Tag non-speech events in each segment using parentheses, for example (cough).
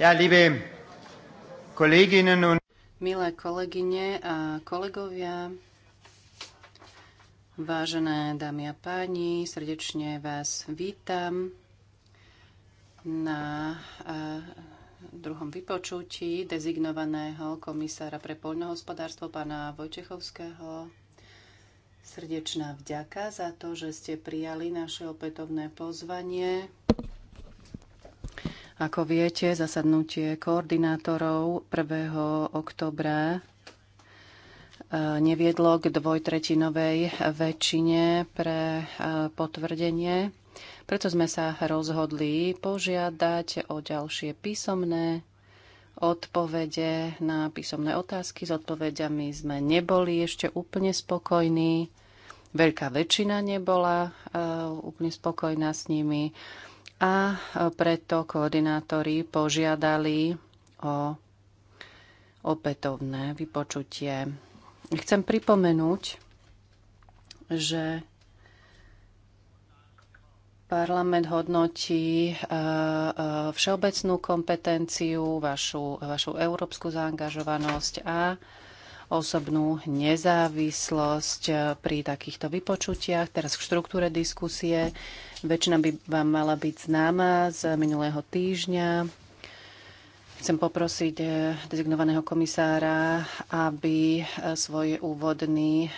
Ja, liebe und... Milé kolegyne a kolegovia, vážené dámy a páni, srdečne vás vítam na druhom vypočutí dezignovaného komisára pre poľnohospodárstvo pána Vojčechovského. Srdečná vďaka za to, že ste prijali naše opätovné pozvanie ako viete, zasadnutie koordinátorov 1. oktobra e, neviedlo k dvojtretinovej väčšine pre e, potvrdenie. Preto sme sa rozhodli požiadať o ďalšie písomné odpovede na písomné otázky. S odpovediami sme neboli ešte úplne spokojní. Veľká väčšina nebola e, úplne spokojná s nimi a preto koordinátori požiadali o opätovné vypočutie. Chcem pripomenúť, že Parlament hodnotí e, e, všeobecnú kompetenciu, vašu, vašu európsku zaangažovanosť a osobnú nezávislosť pri takýchto vypočutiach. Teraz k štruktúre diskusie. Väčšina by vám mala byť známa z minulého týždňa. Chcem poprosiť eh, dezignovaného komisára, aby eh, svoj úvodný eh,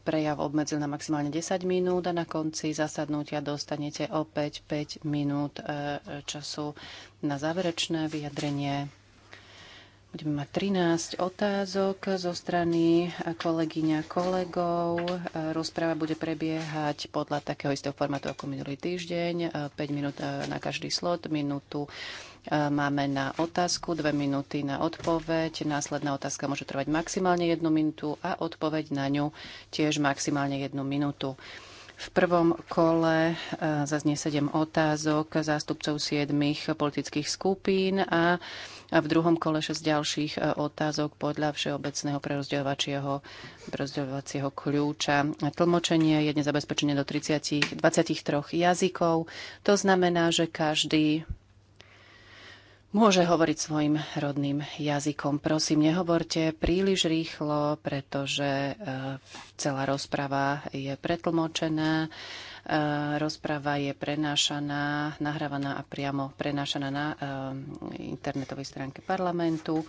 prejav obmedzil na maximálne 10 minút a na konci zasadnutia dostanete opäť 5 minút času na záverečné vyjadrenie. Budeme mať 13 otázok zo strany kolegyňa kolegov. Rozpráva bude prebiehať podľa takého istého formátu ako minulý týždeň. 5 minút eh, na každý slot, minútu eh, máme na otázku, 2 minúty na odpoveď. Následná otázka môže trvať maximálne 1 minútu a odpoveď na ňu tiež maximálne 1 minútu. V prvom kole eh, zaznie 7 otázok zástupcov 7 politických skupín a a v druhom kole 6 ďalších e, otázok podľa všeobecného prerozdeľovacieho, prerozdeľovacieho kľúča. Tlmočenie je nezabezpečené do 30, 23 jazykov. To znamená, že každý môže hovoriť svojim rodným jazykom. Prosím, nehovorte príliš rýchlo, pretože e, celá rozprava je pretlmočená Eh, rozprava je prenášaná, nahrávaná a priamo prenášaná na eh, internetovej stránke parlamentu.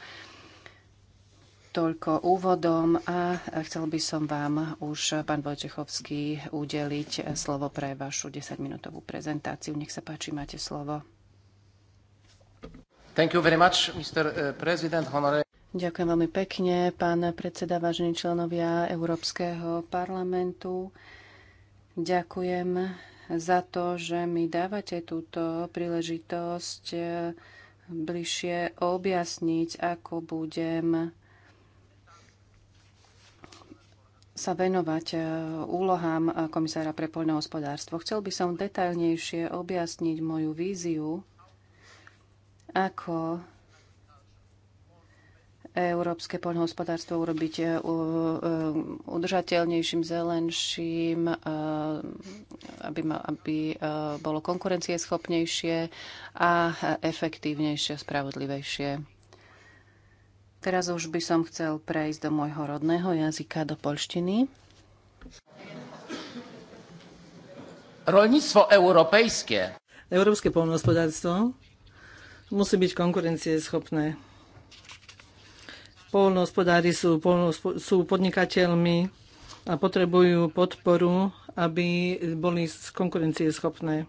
Toľko úvodom a eh, chcel by som vám už, pán Vojtechovský, udeliť slovo pre vašu 10-minútovú prezentáciu. Nech sa páči, máte slovo. Thank you very much, Mr. President, honore... Ďakujem veľmi pekne, pán predseda, vážení členovia Európskeho parlamentu. Ďakujem za to, že mi dávate túto príležitosť eh, bližšie objasniť, ako budem sa venovať eh, úlohám eh, komisára pre poľnohospodárstvo. Chcel by som detailnejšie objasniť moju víziu, ako európske poľnohospodárstvo urobiť e, e, udržateľnejším, zelenším, e, aby, ma, aby bolo konkurencieschopnejšie a efektívnejšie, spravodlivejšie. Teraz už by som chcel prejsť do môjho rodného jazyka, do polštiny. Rolníctvo európejské. Európske poľnohospodárstvo musí byť konkurencieschopné polnohospodári sú, sú podnikateľmi a potrebujú podporu, aby boli konkurencieschopné.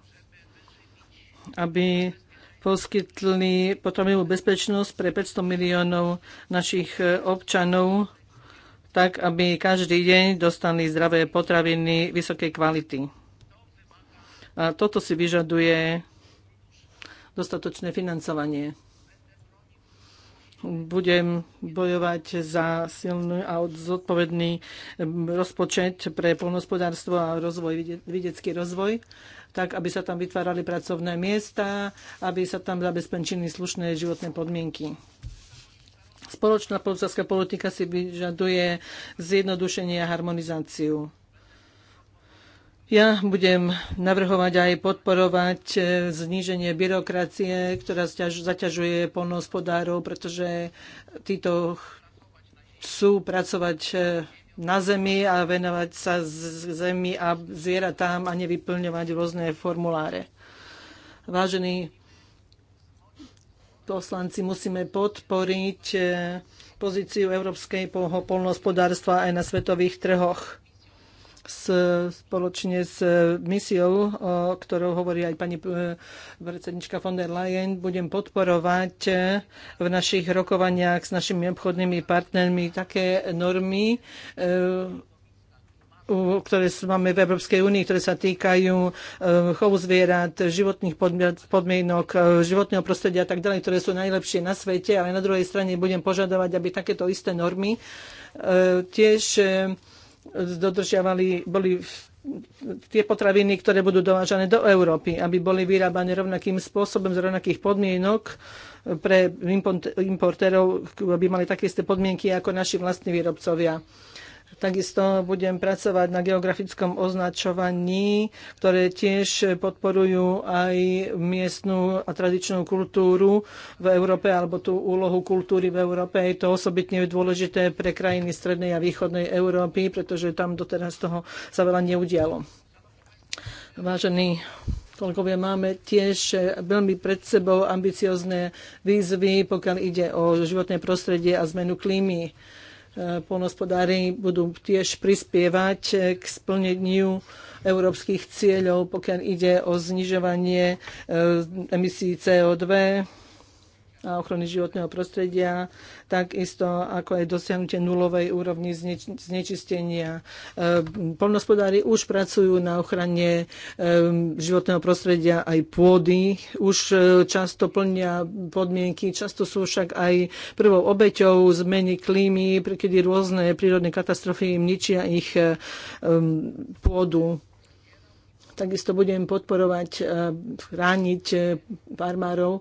Aby poskytli potravinovú bezpečnosť pre 500 miliónov našich e, občanov, tak aby každý deň dostali zdravé potraviny vysokej kvality. A toto si vyžaduje dostatočné financovanie budem bojovať za silný a zodpovedný rozpočet pre polnospodárstvo a rozvoj, vedecký rozvoj, tak aby sa tam vytvárali pracovné miesta, aby sa tam zabezpečili slušné životné podmienky. Spoločná polská politika si vyžaduje zjednodušenie a harmonizáciu ja budem navrhovať aj podporovať e, zníženie byrokracie, ktorá zaťažuje polnohospodárov, pretože títo chcú pracovať e, na zemi a venovať sa z zemi a zvieratám a nevyplňovať rôzne formuláre. Vážení poslanci, musíme podporiť e, pozíciu európskej polnohospodárstva aj na svetových trhoch s, spoločne s misiou, o ktorou hovorí aj pani e, predsednička von der Leyen, budem podporovať e, v našich rokovaniach s našimi obchodnými partnermi také normy, e, ktoré máme v Európskej únii, ktoré sa týkajú chovu zvierat, životných podmienok, životného prostredia a tak ďalej, ktoré sú najlepšie na svete, ale na druhej strane budem požadovať, aby takéto isté normy tiež dodržiavali, boli tie potraviny, ktoré budú dovážané do Európy, aby boli vyrábané rovnakým spôsobom, z rovnakých podmienok pre importérov, aby mali také isté podmienky ako naši vlastní výrobcovia. Takisto budem pracovať na geografickom označovaní, ktoré tiež podporujú aj miestnú a tradičnú kultúru v Európe alebo tú úlohu kultúry v Európe. Je to osobitne dôležité pre krajiny strednej a východnej Európy, pretože tam doteraz toho sa veľa neudialo. Vážení kolegovia, máme tiež veľmi pred sebou ambiciozne výzvy, pokiaľ ide o životné prostredie a zmenu klímy polnospodári budú tiež prispievať eh, k splneniu európskych cieľov, pokiaľ ide o znižovanie eh, emisí CO2 a ochrany životného prostredia, takisto ako aj dosiahnutie nulovej úrovni znečistenia. E, polnospodári už pracujú na ochrane e, životného prostredia aj pôdy, už e, často plnia podmienky, často sú však aj prvou obeťou zmeny klímy, kedy rôzne prírodné katastrofy im ničia ich pôdu. Takisto budem podporovať, chrániť farmárov,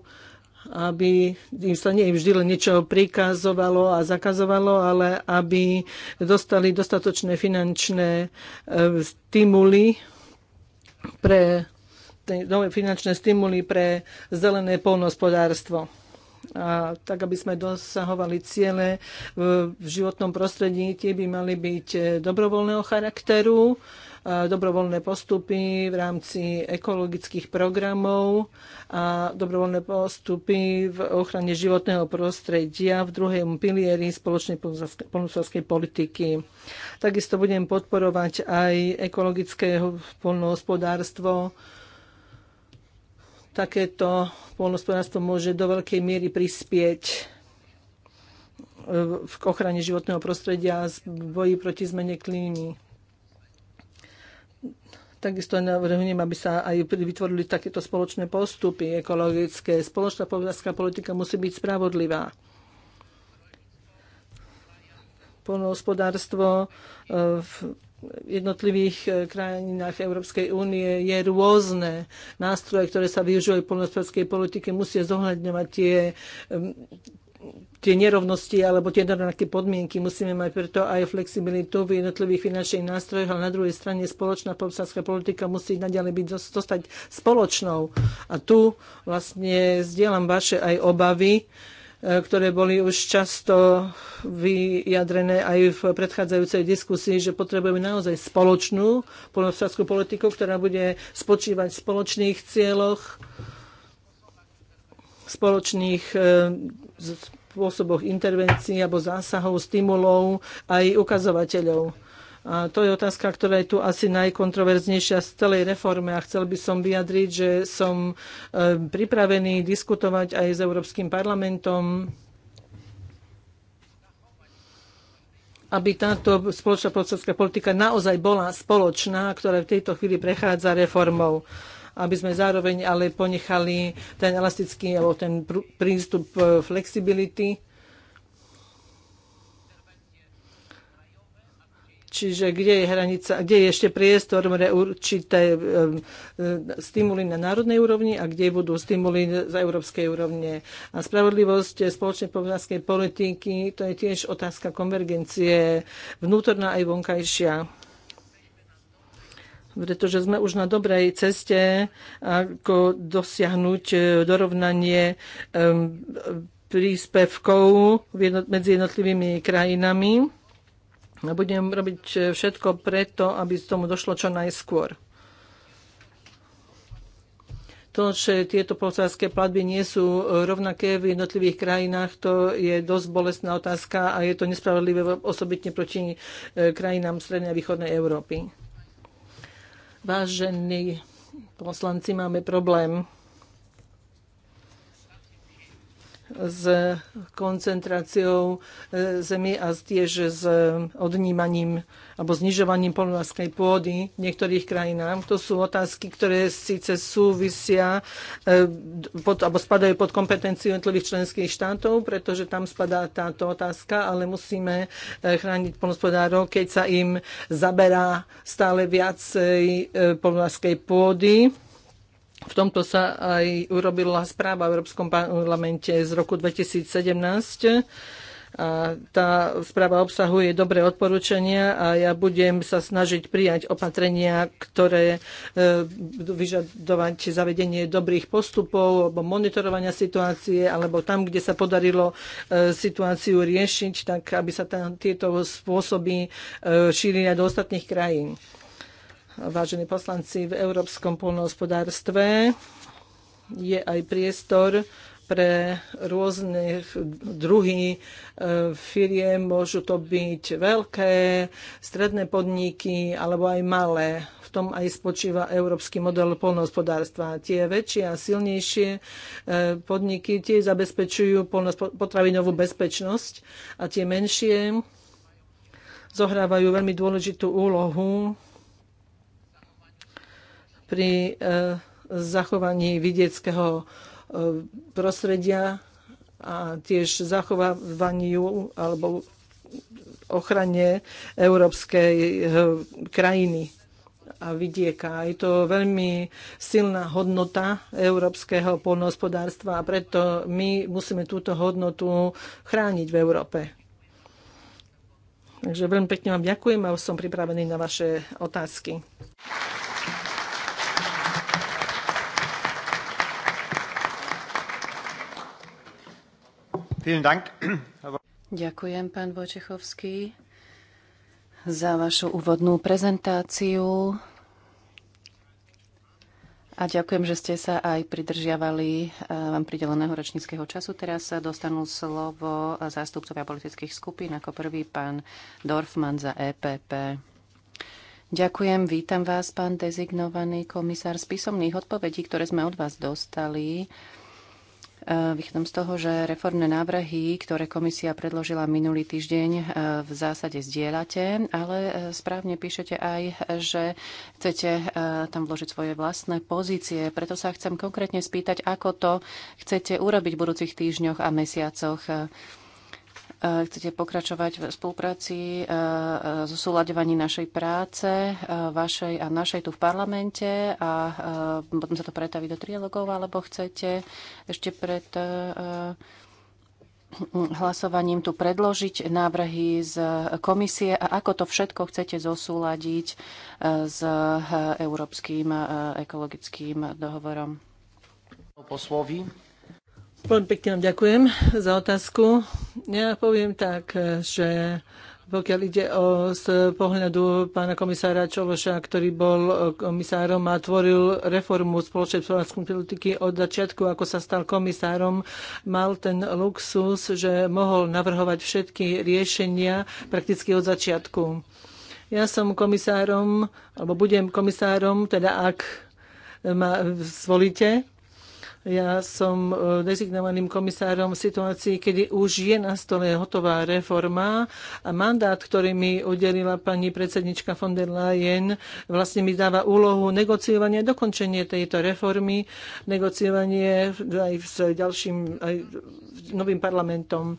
aby im sa nie vždy len niečo prikazovalo a zakazovalo, ale aby dostali dostatočné finančné e, stimuly pre nové finančné stimuly pre zelené polnospodárstvo. A tak, aby sme dosahovali ciele v životnom prostredí, tie by mali byť e, dobrovoľného charakteru, E, dobrovoľné postupy v rámci ekologických programov a dobrovoľné postupy v ochrane životného prostredia v druhom pilieri spoločnej polnospodárskej politiky. Takisto budem podporovať aj ekologické polnohospodárstvo, takéto poľnohospodárstvo môže do veľkej miery prispieť e, v ochrane životného prostredia a boji proti zmene klímy. Takisto navrhujem, aby sa aj vytvorili takéto spoločné postupy ekologické. Spoločná povedacká politika musí byť spravodlivá. Polnohospodárstvo eh, v jednotlivých eh, krajinách Európskej únie je rôzne. Nástroje, ktoré sa využívajú v polnohospodárskej politike, musia zohľadňovať tie eh, tie nerovnosti alebo tie nerovnaké podmienky. Musíme mať preto aj flexibilitu v jednotlivých finančných nástrojoch, ale na druhej strane spoločná popsárska politika musí naďalej byť zostať spoločnou. A tu vlastne zdieľam vaše aj obavy, e, ktoré boli už často vyjadrené aj v predchádzajúcej diskusii, že potrebujeme naozaj spoločnú polnohospodárskú politiku, ktorá bude spočívať v spoločných cieľoch spoločných e, spôsoboch intervencií alebo zásahov, stimulov aj ukazovateľov. A to je otázka, ktorá je tu asi najkontroverznejšia z celej reforme a chcel by som vyjadriť, že som e, pripravený diskutovať aj s Európskym parlamentom aby táto spoločná politická politika naozaj bola spoločná, ktorá v tejto chvíli prechádza reformou aby sme zároveň ale ponechali ten elastický alebo ten prístup e, flexibility. Čiže kde je hranica, kde je ešte priestor pre určité e, e, stimuly na národnej úrovni a kde budú stimuly z európskej úrovne. A spravodlivosť spoločnej povedanskej politiky, to je tiež otázka konvergencie vnútorná aj vonkajšia pretože sme už na dobrej ceste, ako dosiahnuť e, dorovnanie príspevkov medzi jednotlivými krajinami. A budem robiť e, všetko preto, aby z tomu došlo čo najskôr to, že tieto polsárske platby nie sú e, rovnaké v jednotlivých krajinách, to je dosť bolestná otázka a je to nespravodlivé osobitne proti krajinám Strednej a Východnej Európy. Vážení poslanci, máme problém. s koncentráciou e, zemi a tiež s odnímaním alebo znižovaním polnovaskej pôdy v niektorých krajinách. To sú otázky, ktoré síce súvisia e, pod, alebo spadajú pod kompetenciu jednotlivých členských štátov, pretože tam spadá táto otázka, ale musíme e, chrániť polnospodárov, keď sa im zaberá stále viacej polnovaskej pôdy v tomto sa aj urobila správa v Európskom parlamente z roku 2017. A tá správa obsahuje dobré odporúčania a ja budem sa snažiť prijať opatrenia, ktoré e, budú vyžadovať zavedenie dobrých postupov alebo monitorovania situácie, alebo tam, kde sa podarilo e, situáciu riešiť, tak aby sa tam tieto spôsoby e, šírili aj do ostatných krajín vážení poslanci, v európskom polnohospodárstve je aj priestor pre rôzne druhy e, firie. Môžu to byť veľké, stredné podniky alebo aj malé. V tom aj spočíva európsky model polnohospodárstva. Tie väčšie a silnejšie e, podniky tie zabezpečujú potravinovú bezpečnosť a tie menšie zohrávajú veľmi dôležitú úlohu pri e, zachovaní vidieckého e, prostredia a tiež zachovaniu alebo ochrane európskej e, krajiny a vidieka. Je to veľmi silná hodnota európskeho polnohospodárstva a preto my musíme túto hodnotu chrániť v Európe. Takže veľmi pekne vám ďakujem a som pripravený na vaše otázky. Ďakujem, pán Vojčechovský, za vašu úvodnú prezentáciu. A ďakujem, že ste sa aj pridržiavali e, vám prideleného ročníckého času. Teraz sa dostanú slovo zástupcovia politických skupín, ako prvý pán Dorfman za EPP. Ďakujem, vítam vás, pán dezignovaný komisár. Z písomných odpovedí, ktoré sme od vás dostali, Eh, Vychádzam z toho, že reformné návrhy, ktoré komisia predložila minulý týždeň, eh, v zásade zdieľate, ale eh, správne píšete aj, že chcete tam vložiť svoje vlastné pozície. Preto sa chcem konkrétne spýtať, ako to chcete urobiť v budúcich týždňoch a mesiacoch Eh, chcete pokračovať v spolupráci so eh, eh, súľaďovaní našej práce, vašej a našej tu v parlamente a potom sa to pretaví do trialogov, alebo chcete ešte pred hlasovaním tu predložiť návrhy z komisie a ako to všetko chcete zosúľadiť s Európskym ekologickým dohovorom. Poslovi. Veľmi pekne vám ďakujem za otázku. Ja poviem tak, že pokiaľ ide o z pohľadu pána komisára Čološa, ktorý bol komisárom a tvoril reformu spoločnej slovenskej politiky od začiatku, ako sa stal komisárom, mal ten luxus, že mohol navrhovať všetky riešenia prakticky od začiatku. Ja som komisárom, alebo budem komisárom, teda ak ma zvolíte, ja som e, dezignovaným komisárom v situácii, kedy už je na stole hotová reforma a mandát, ktorý mi udelila pani predsednička von der Leyen, vlastne mi dáva úlohu negociovania, dokončenie tejto reformy, negociovanie aj s ďalším aj novým parlamentom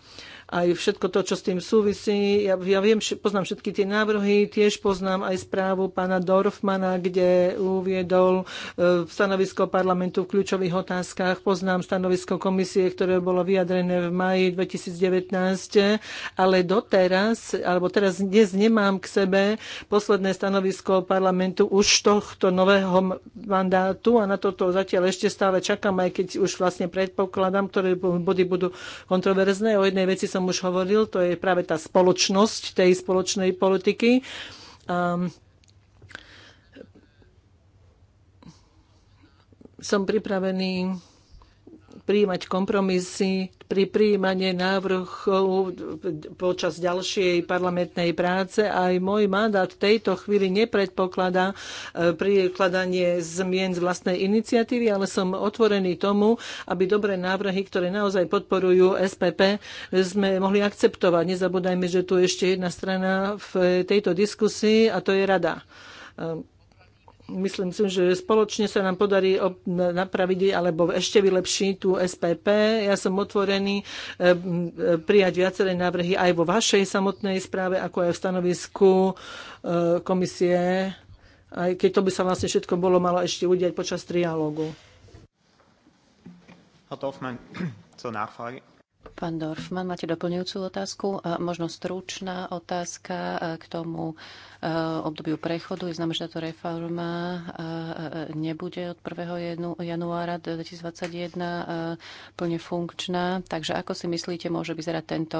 aj všetko to, čo s tým súvisí. Ja, ja viem, poznám všetky tie návrhy, tiež poznám aj správu pána Dorfmana, kde uviedol e, stanovisko parlamentu v kľúčových otázkach. Poznám stanovisko komisie, ktoré bolo vyjadrené v maji 2019, ale doteraz, alebo teraz dnes nemám k sebe posledné stanovisko parlamentu už tohto nového mandátu a na toto zatiaľ ešte stále čakám, aj keď už vlastne predpokladám, ktoré body budú kontroverzné. O jednej veci som som už hovoril, to je práve tá spoločnosť tej spoločnej politiky. Um, som pripravený prijímať kompromisy pri príjmaní návrhov počas ďalšej parlamentnej práce. Aj môj mandát v tejto chvíli nepredpokladá e, prikladanie zmien z vlastnej iniciatívy, ale som otvorený tomu, aby dobré návrhy, ktoré naozaj podporujú SPP, sme mohli akceptovať. Nezabúdajme, že tu ešte jedna strana v tejto diskusii a to je rada. E, myslím si, že spoločne sa nám podarí napraviť alebo ešte vylepšiť tú SPP. Ja som otvorený e, e, prijať viaceré návrhy aj vo vašej samotnej správe, ako aj v stanovisku e, komisie, aj keď to by sa vlastne všetko bolo malo ešte udiať počas trialógu. Herr Dorfmann, (clears throat) zur Nachfrage. Pán Dorfman, máte doplňujúcu otázku? Možno stručná otázka e, k tomu e, obdobiu prechodu. Je znamená, že táto reforma e, nebude od 1. januára 2021 plne funkčná. Takže ako si myslíte, môže vyzerať tento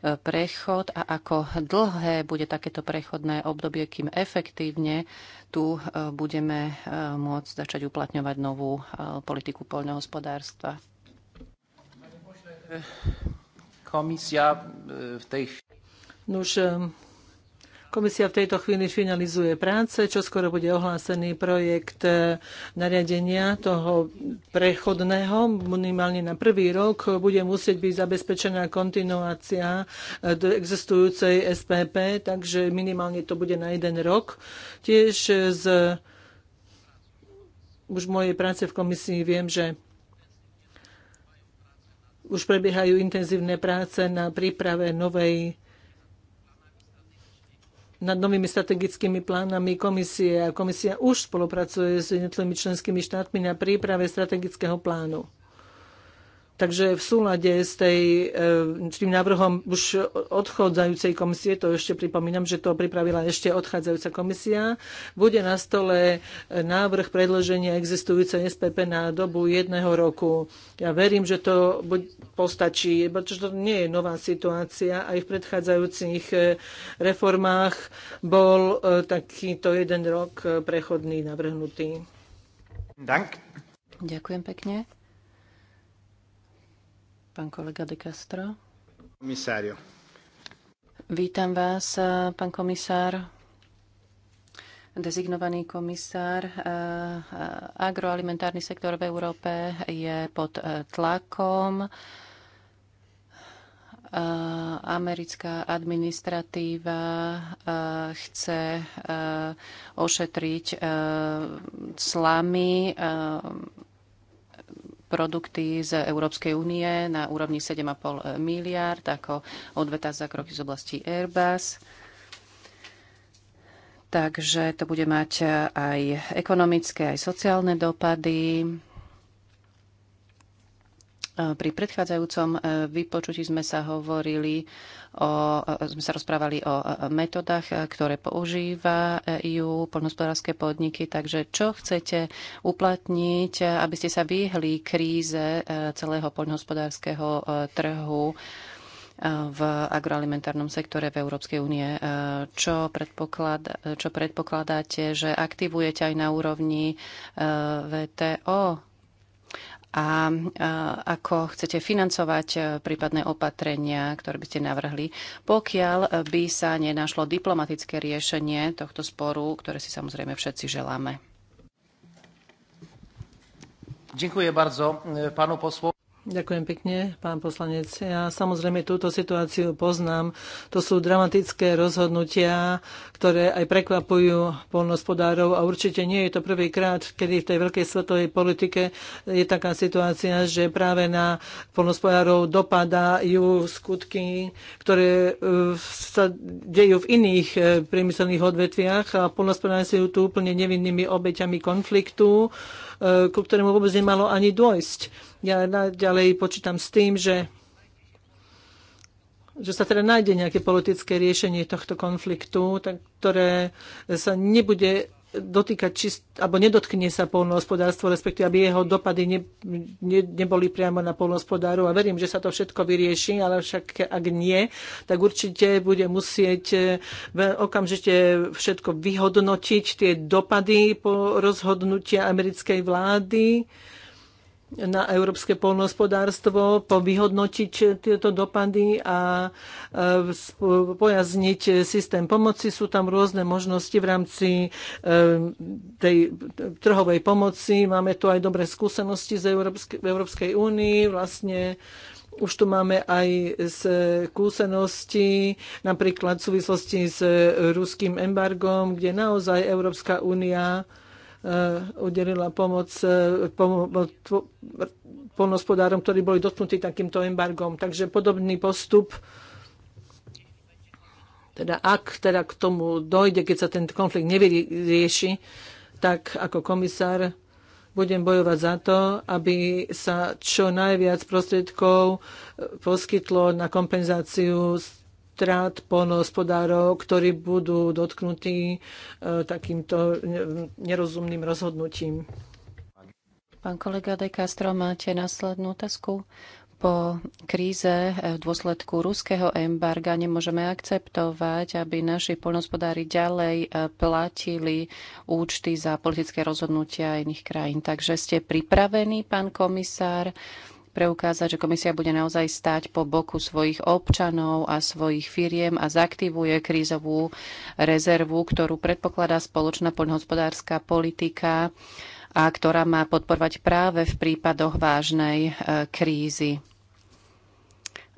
prechod a ako dlhé bude takéto prechodné obdobie, kým efektívne tu budeme môcť začať uplatňovať novú politiku poľnohospodárstva? Komisia e, v tej Nuž, e, Komisia v tejto chvíli finalizuje práce, čo skoro bude ohlásený projekt e, nariadenia toho prechodného, minimálne na prvý rok. Bude musieť byť zabezpečená kontinuácia do existujúcej SPP, takže minimálne to bude na jeden rok. Tiež z už mojej práce v komisii viem, že už prebiehajú intenzívne práce na príprave novej nad novými strategickými plánami komisie a komisia už spolupracuje s jednotlivými členskými štátmi na príprave strategického plánu. Takže v súlade s, tej, e, s tým návrhom už odchádzajúcej komisie, to ešte pripomínam, že to pripravila ešte odchádzajúca komisia, bude na stole e, návrh predloženia existujúcej SPP na dobu jedného roku. Ja verím, že to postačí, pretože to nie je nová situácia. Aj v predchádzajúcich e, reformách bol takýto jeden rok prechodný navrhnutý. Dank. Ďakujem pekne. Pán kolega De Castro. Komisário. Vítam vás, eh, pán komisár. Dezignovaný komisár, eh, eh, agroalimentárny sektor v Európe je pod tlakom americká administratíva chce ošetriť slamy produkty z Európskej únie na úrovni 7,5 miliard ako odveta za kroky z oblasti Airbus. Takže to bude mať aj ekonomické, aj sociálne dopady. E, pri predchádzajúcom e, vypočutí sme sa hovorili o, e, sme sa rozprávali o metodách, ktoré používajú poľnohospodárske podniky. Takže čo chcete uplatniť, aby ste sa vyhli kríze celého poľnohospodárskeho trhu v agroalimentárnom sektore v Európskej únie. Čo, predpoklad, čo predpokladáte, že aktivujete aj na úrovni VTO a ako chcete financovať e, prípadné opatrenia, ktoré by ste navrhli, pokiaľ by sa nenašlo diplomatické riešenie tohto sporu, ktoré si samozrejme všetci želáme. Ďakujem bardzo e, panu posłowi. Ďakujem pekne, pán poslanec. Ja samozrejme túto situáciu poznám. To sú dramatické rozhodnutia, ktoré aj prekvapujú polnospodárov a určite nie je to prvýkrát, kedy v tej veľkej svetovej politike je taká situácia, že práve na polnospodárov dopadajú skutky, ktoré e, sa dejú v iných e, priemyselných odvetviach a polnospodári sú tu úplne nevinnými obeťami konfliktu. Eh, ku ktorému vôbec nemalo ani dôjsť. Ja ďalej počítam s tým, že že sa teda nájde nejaké politické riešenie tohto konfliktu, tak, ktoré sa nebude dotýkať či, alebo nedotkne sa polnohospodárstvo, respektíve aby jeho dopady ne, ne, neboli priamo na polnohospodáru. A verím, že sa to všetko vyrieši, ale však ak nie, tak určite bude musieť eh, okamžite všetko vyhodnotiť, tie dopady po rozhodnutia americkej vlády na európske polnohospodárstvo, vyhodnotiť tieto dopady a pojazniť systém pomoci. Sú tam rôzne možnosti v rámci e, tej trhovej pomoci. Máme tu aj dobré skúsenosti z Európskej, Európskej únii. Vlastne už tu máme aj skúsenosti, napríklad v súvislosti s ruským embargom, kde naozaj Európska únia Eh, udelila pomoc eh, polnospodárom, ktorí boli dotknutí takýmto embargom. Takže podobný postup teda ak teda k tomu dojde, keď sa ten konflikt nevyrieši, tak ako komisár budem bojovať za to, aby sa čo najviac prostriedkov eh, poskytlo na kompenzáciu strát polnohospodárov, ktorí budú dotknutí e, takýmto nerozumným rozhodnutím. Pán kolega De Castro, máte následnú otázku? po kríze v dôsledku ruského embarga nemôžeme akceptovať, aby naši poľnohospodári ďalej e, platili účty za politické rozhodnutia iných krajín. Takže ste pripravení, pán komisár, preukázať, že komisia bude naozaj stať po boku svojich občanov a svojich firiem a zaktivuje krízovú rezervu, ktorú predpokladá spoločná poľnohospodárska politika a ktorá má podporovať práve v prípadoch vážnej e, krízy.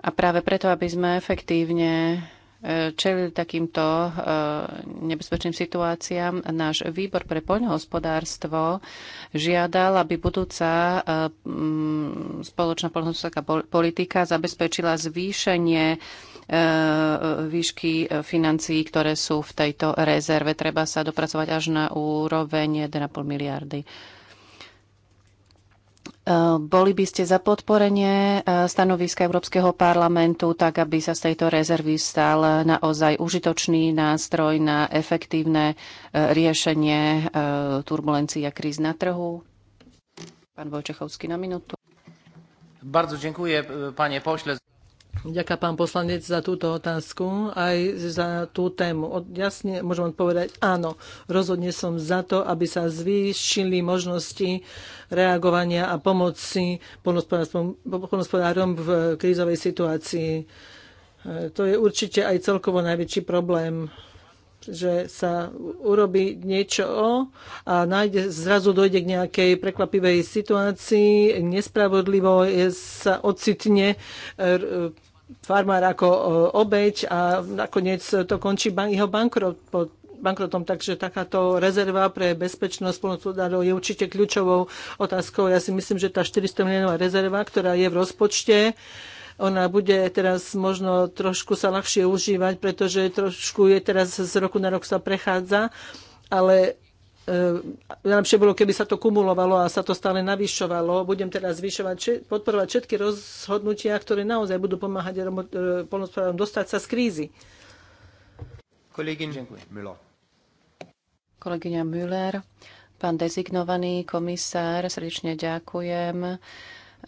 A práve preto, aby sme efektívne čelili takýmto eh, nebezpečným situáciám. Náš výbor pre poľnohospodárstvo žiadal, aby budúca eh, mm, spoločná poľnohospodárska politika zabezpečila zvýšenie eh, výšky financií, ktoré sú v tejto rezerve. Treba sa dopracovať až na úroveň 1,5 miliardy. E, boli by ste za podporenie e, stanoviska Európskeho parlamentu, tak aby sa z tejto rezervy stal naozaj užitočný nástroj na efektívne e, riešenie turbulencií a kríz na trhu? Pán Vojčechovský na minútu. Bardzo dziękuję, panie pośle. Ďakujem pán poslanec za túto otázku, aj za tú tému. Jasne môžem odpovedať áno. Rozhodne som za to, aby sa zvýšili možnosti reagovania a pomoci polnospodárom v krízovej situácii. E, to je určite aj celkovo najväčší problém že sa urobí niečo a nájde, zrazu dojde k nejakej prekvapivej situácii, nespravodlivo je, sa ocitne e, farmár ako e, obeď a nakoniec to končí jeho bankrot, bankrotom, takže takáto rezerva pre bezpečnosť spolnospodárov je určite kľúčovou otázkou. Ja si myslím, že tá 400 miliónová rezerva, ktorá je v rozpočte, ona bude teraz možno trošku sa ľahšie užívať, pretože trošku je teraz z roku na rok sa prechádza, ale e, najlepšie bolo, keby sa to kumulovalo a sa to stále navyšovalo. Budem teraz zvyšovať, podporovať všetky rozhodnutia, ktoré naozaj budú pomáhať e, polnospodárom dostať sa z krízy. Kolegyňa Müller, pán dezignovaný komisár, srdečne ďakujem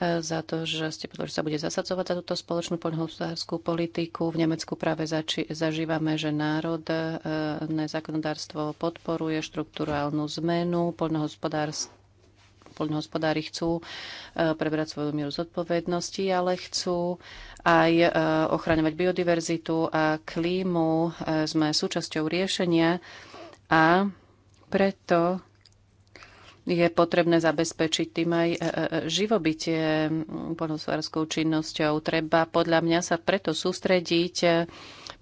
za to, že ste povedali, že sa bude zasadzovať za túto spoločnú poľnohospodárskú politiku. V Nemecku práve zači- zažívame, že národné zákonodárstvo podporuje štruktúrálnu zmenu poľnohospodárskú poľnohospodári chcú e, prebrať svoju mieru zodpovednosti, ale chcú aj e, ochraňovať biodiverzitu a klímu. E, sme súčasťou riešenia a preto je potrebné zabezpečiť tým aj e, e, živobytie ponosvárskou činnosťou. Treba podľa mňa sa preto sústrediť e,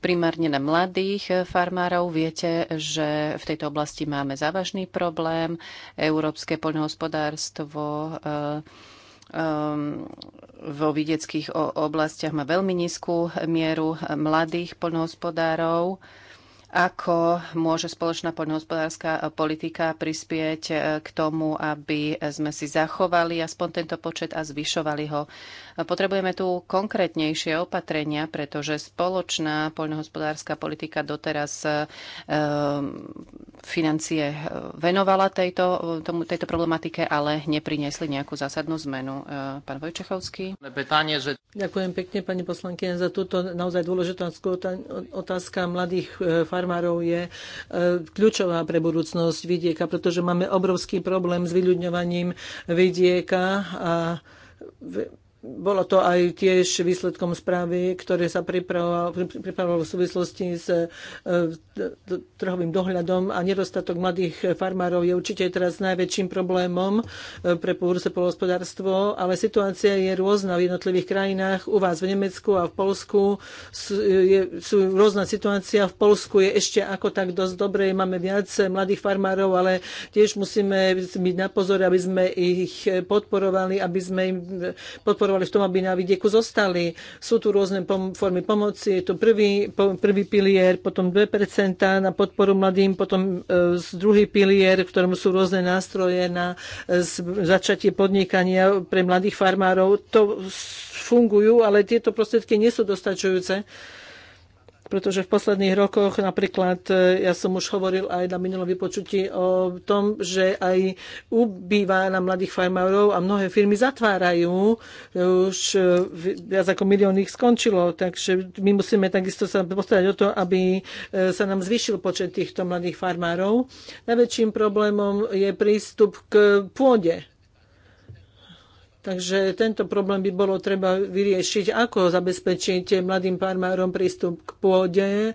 primárne na mladých farmárov. Viete, že v tejto oblasti máme závažný problém. Európske poľnohospodárstvo vo vidieckých oblastiach má veľmi nízku mieru mladých poľnohospodárov ako môže spoločná poľnohospodárska politika prispieť eh, k tomu, aby sme si zachovali aspoň tento počet a zvyšovali ho. Potrebujeme tu konkrétnejšie opatrenia, pretože spoločná poľnohospodárska politika doteraz e, financie e, venovala tejto, tomu, tejto problematike, ale nepriniesli nejakú zásadnú zmenu. E, pán Vojčechovský. Ďakujem pekne, pani poslankyňa, za túto naozaj dôležitú otázka mladých farmárov je kľúčová pre budúcnosť vidieka, pretože máme obrovský problém s vyľudňovaním vidieka a bolo to aj tiež výsledkom správy, ktoré sa pripravovalo v súvislosti s e, trhovým dohľadom a nedostatok mladých farmárov je určite teraz najväčším problémom e, pre pôvodce polhospodárstvo, ale situácia je rôzna v jednotlivých krajinách. U vás v Nemecku a v Polsku sú, sú rôzna situácia. V Polsku je ešte ako tak dosť dobre, máme viac mladých farmárov, ale tiež musíme byť na pozor, aby sme ich podporovali, aby sme im podporovali podporovali v tom, aby na vidieku zostali. Sú tu rôzne pom- formy pomoci, je tu prvý, po- prvý pilier, potom 2% na podporu mladým, potom e, druhý pilier, v ktorom sú rôzne nástroje na e, začatie podnikania pre mladých farmárov. To fungujú, ale tieto prostriedky nie sú dostačujúce pretože v posledných rokoch napríklad, e, ja som už hovoril aj na minulom vypočutí o tom, že aj ubýva na mladých farmárov a mnohé firmy zatvárajú, e, už e, viac ako milión ich skončilo, takže my musíme takisto sa postarať o to, aby sa nám zvýšil počet týchto mladých farmárov. Najväčším problémom je prístup k pôde Takže tento problém by bolo treba vyriešiť, ako zabezpečiť mladým farmárom prístup k pôde, e,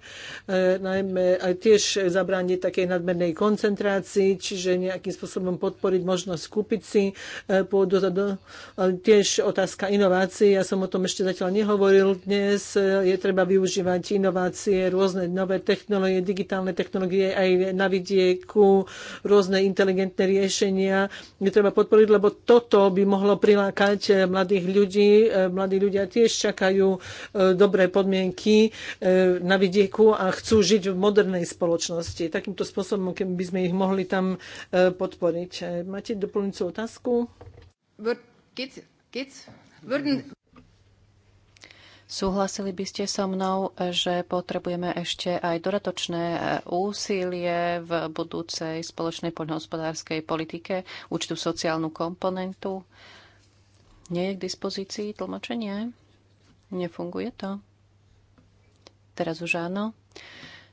najmä aj tiež zabrániť takej nadmernej koncentrácii, čiže nejakým spôsobom podporiť možnosť kúpiť si e, pôdu. Do, ale tiež otázka inovácií, ja som o tom ešte zatiaľ nehovoril dnes, e, je treba využívať inovácie, rôzne nové technológie, digitálne technológie aj na vidieku, rôzne inteligentné riešenia, je treba podporiť, lebo toto by mohlo pri prilákať eh, mladých ľudí. Eh, mladí ľudia tiež čakajú eh, dobré podmienky na vidieku a chcú žiť v modernej spoločnosti. Takýmto spôsobom, keby by sme ich mohli tam podporiť. Máte doplňujúcu otázku? Geht's, Würden, Súhlasili by ste so mnou, že potrebujeme ešte aj doratočné úsilie v budúcej spoločnej poľnohospodárskej politike, určitú sociálnu komponentu? Nie je k dispozícii tlmočenie? Nefunguje to? Teraz už áno.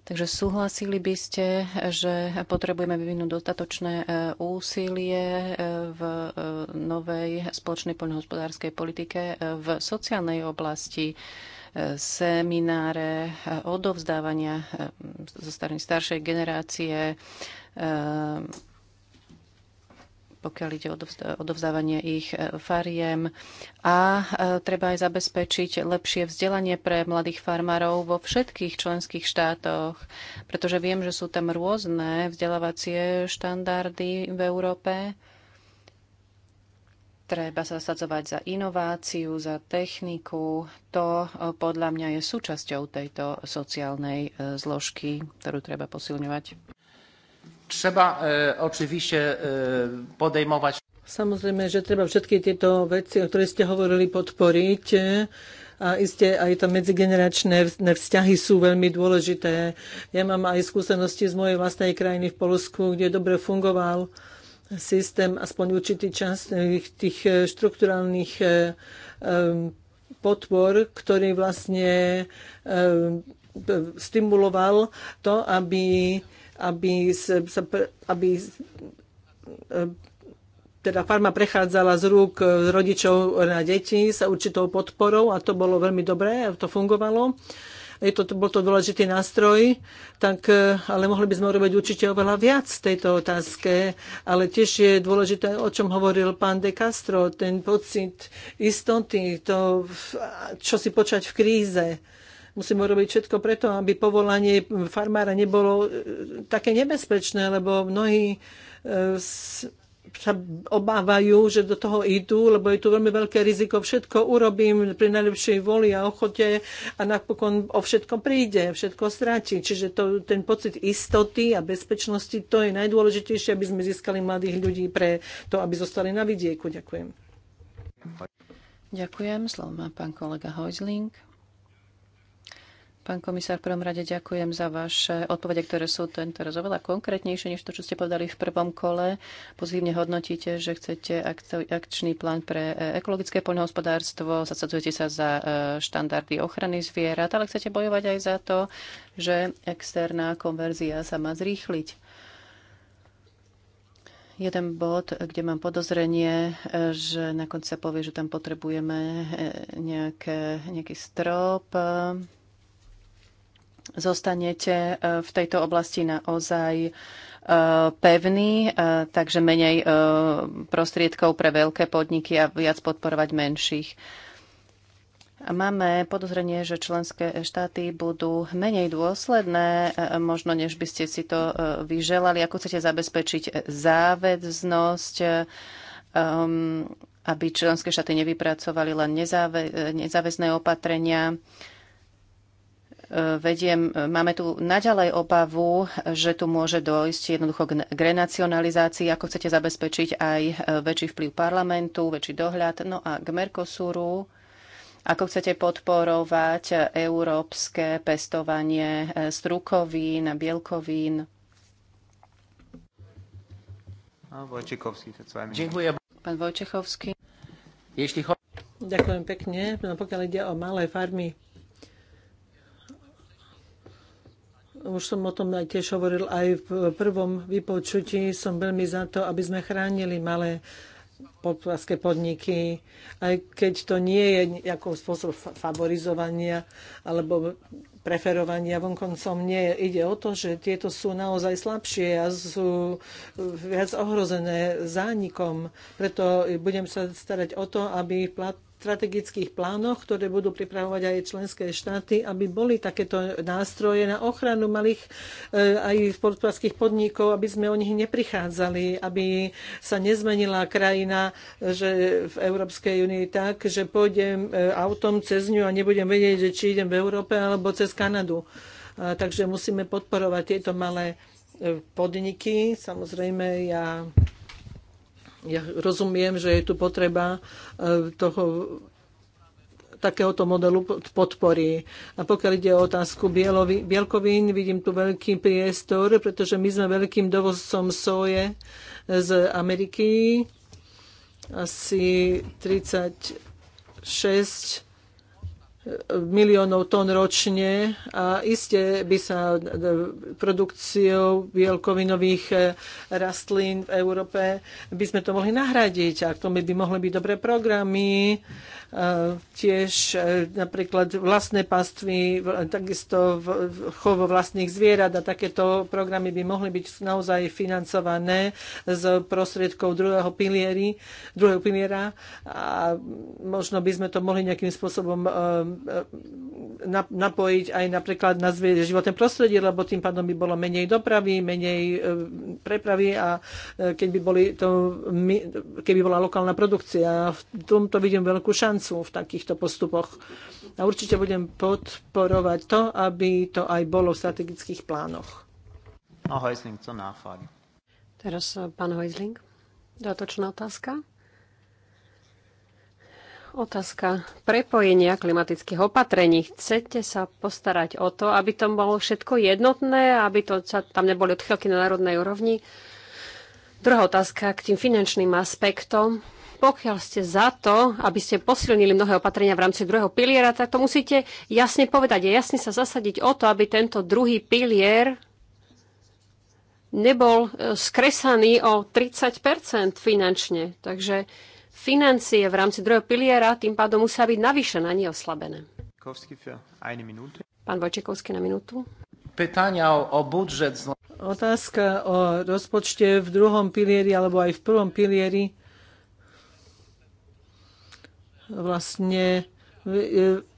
Takže súhlasili by ste, že potrebujeme vyvinúť dostatočné e, úsilie e, v e, novej spoločnej poľnohospodárskej politike v sociálnej oblasti, semináre, odovzdávania zo staršej generácie, pokiaľ ide o odovzdávanie ich e, fariem. A e, treba aj zabezpečiť lepšie vzdelanie pre mladých farmárov vo všetkých členských štátoch, pretože viem, že sú tam rôzne vzdelávacie štandardy v Európe. Treba sa zasadzovať za inováciu, za techniku. To e, podľa mňa je súčasťou tejto sociálnej zložky, ktorú treba posilňovať. Trzeba e, oczywiście e, podejmować. Samozrejme, že treba všetky tieto veci, o ktorých ste hovorili, podporiť. A iste aj to medzigeneračné vzťahy sú veľmi dôležité. Ja mám aj skúsenosti z mojej vlastnej krajiny v Polsku, kde dobre fungoval systém, aspoň určitý čas e, tých e, štruktúrálnych e, podpor, ktorý vlastne stimuloval to, aby aby, sa, aby e, teda farma prechádzala z rúk e, rodičov na deti sa určitou podporou a to bolo veľmi dobré, to fungovalo. Je to, bol to dôležitý nástroj, tak, e, ale mohli by sme urobiť určite oveľa viac v tejto otázke. Ale tiež je dôležité, o čom hovoril pán De Castro, ten pocit istoty, to, čo si počať v kríze Musíme robiť všetko preto, aby povolanie farmára nebolo e, také nebezpečné, lebo mnohí e, sa obávajú, že do toho idú, lebo je tu veľmi veľké riziko, všetko urobím pri najlepšej voli a ochote a napokon o všetko príde, všetko stráti. Čiže to, ten pocit istoty a bezpečnosti, to je najdôležitejšie, aby sme získali mladých ľudí pre to, aby zostali na vidieku. Ďakujem. Ďakujem. Slovo má pán kolega Hojzling. Pán komisár, v prvom rade ďakujem za vaše odpovede, ktoré sú tento raz oveľa konkrétnejšie než to, čo ste povedali v prvom kole. Pozitívne hodnotíte, že chcete akčný plán pre e, ekologické poľnohospodárstvo, zasadzujete sa za e, štandardy ochrany zvierat, ale chcete bojovať aj za to, že externá konverzia sa má zrýchliť jeden bod, kde mám podozrenie, e, že na konci sa povie, že tam potrebujeme nejaké, nejaký strop zostanete e, v tejto oblasti naozaj e, pevný, e, takže menej prostriedkov pre veľké podniky a viac podporovať menších. A máme podozrenie, že členské štáty budú menej dôsledné, možno než by ste si to vyželali. Ako chcete zabezpečiť záväznosť, um, aby členské štáty nevypracovali len nezáväzné opatrenia? vediem, máme tu naďalej obavu, že tu môže dojsť jednoducho k renacionalizácii, ako chcete zabezpečiť aj e, väčší vplyv parlamentu, väčší dohľad. No a k Mercosuru, ako chcete podporovať európske pestovanie e, strukovín a bielkovín. Pán Vojčechovský. Ďakujem pekne. No, pokiaľ ide o malé farmy, už som o tom aj tiež hovoril aj v prvom vypočutí, som veľmi za to, aby sme chránili malé podplaské podniky, aj keď to nie je nejaký spôsob favorizovania alebo preferovania vonkoncom. Nie, ide o to, že tieto sú naozaj slabšie a sú viac ohrozené zánikom. Preto budem sa starať o to, aby plat strategických plánoch, ktoré budú pripravovať aj členské štáty, aby boli takéto nástroje na ochranu malých eh, aj portugalských podnikov, aby sme o nich neprichádzali, aby sa nezmenila krajina eh, že v Európskej únii tak, že pôjdem eh, autom cez ňu a nebudem vedieť, že či idem v Európe alebo cez Kanadu. Takže musíme podporovať tieto malé podniky. Samozrejme, ja ja rozumiem, že je tu potreba e, toho takéhoto modelu podpory. A pokiaľ ide o otázku bielovi, bielkovín, vidím tu veľký priestor, pretože my sme veľkým dovozcom soje z Ameriky. Asi 36 miliónov tón ročne a iste by sa produkciou bielkovinových e, rastlín v Európe by sme to mohli nahradiť a k tomu by mohli byť dobré programy tiež e, napríklad vlastné pastvy, takisto chov vlastných zvierat a takéto programy by mohli byť naozaj financované z prostriedkov druhého, pilieri, druhého piliera a možno by sme to mohli nejakým spôsobom e, e, napojiť aj napríklad na životné prostredie, lebo tým pádom by bolo menej dopravy, menej prepravy a keď by, boli to, keby bola lokálna produkcia. V tomto vidím veľkú šancu šancu v takýchto postupoch. A určite budem podporovať to, aby to aj bolo v strategických plánoch. No, Heusling, co náfali? Teraz eh, pán Heusling, dodatočná otázka. Otázka prepojenia klimatických opatrení. Chcete sa postarať o to, aby to bolo všetko jednotné, aby to sa, tam neboli odchylky na národnej úrovni? Druhá otázka k tým finančným aspektom. Pokiaľ ste za to, aby ste posilnili mnohé opatrenia v rámci druhého piliera, tak to musíte jasne povedať a jasne sa zasadiť o to, aby tento druhý pilier nebol e, skresaný o 30 finančne. Takže financie v rámci druhého piliera tým pádom musia byť navýšené, nie oslabené. Pán Vojčekovský na minútu. Pytania o, o budžet. Otázka o rozpočte v druhom pilieri alebo aj v prvom pilieri vlastne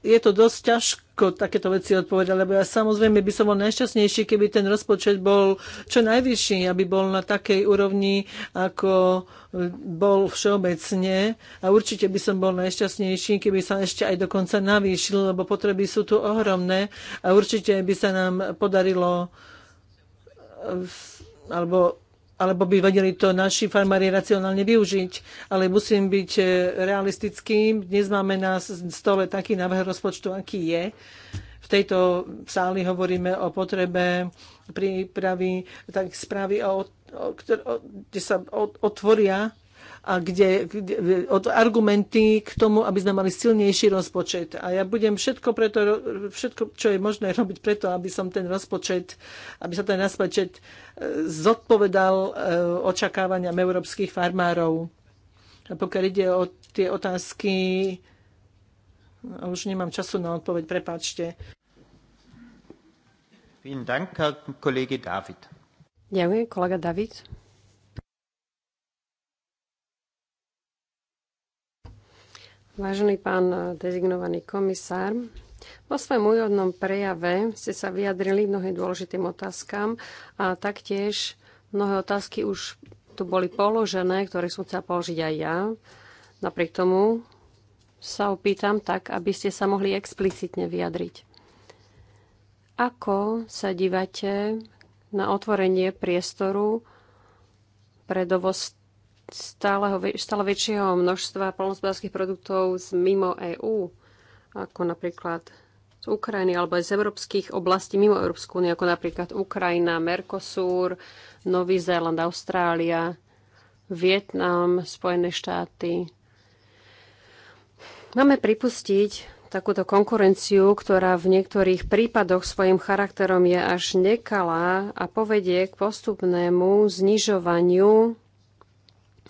je to dosť ťažko takéto veci odpovedať, lebo ja samozrejme by som bol najšťastnejší, keby ten rozpočet bol čo najvyšší, aby bol na takej úrovni, ako bol všeobecne. A určite by som bol najšťastnejší, keby sa ešte aj dokonca navýšil, lebo potreby sú tu ohromné a určite by sa nám podarilo alebo alebo by vedeli to naši farmári racionálne využiť. Ale musím byť e, realistickým. Dnes máme na stole taký návrh rozpočtu, aký je. V tejto sáli hovoríme o potrebe prípravy tak správy, o, o, o, kde sa otvoria a kde, kde od argumenty k tomu, aby sme mali silnejší rozpočet. A ja budem všetko, preto, všetko čo je možné robiť preto, aby som ten rozpočet, aby sa ten rozpočet e, zodpovedal e, očakávaniam európskych farmárov. A pokiaľ ide o tie otázky, už nemám času na odpoveď, prepáčte. Ďakujem, kolega David. Vážený pán eh, dezignovaný komisár, vo svojom úvodnom prejave ste sa vyjadrili mnohým dôležitým otázkam a taktiež mnohé otázky už tu boli položené, ktoré som chcela položiť aj ja. Napriek tomu sa opýtam tak, aby ste sa mohli explicitne vyjadriť. Ako sa dívate na otvorenie priestoru pre dovoz stáleho, stále väčšieho množstva polnospodárských produktov z mimo EÚ, ako napríklad z Ukrajiny alebo aj z európskych oblastí mimo Európsku úniu, ako napríklad Ukrajina, Mercosur, Nový Zéland, Austrália, Vietnam, Spojené štáty. Máme pripustiť takúto konkurenciu, ktorá v niektorých prípadoch svojim charakterom je až nekalá a povedie k postupnému znižovaniu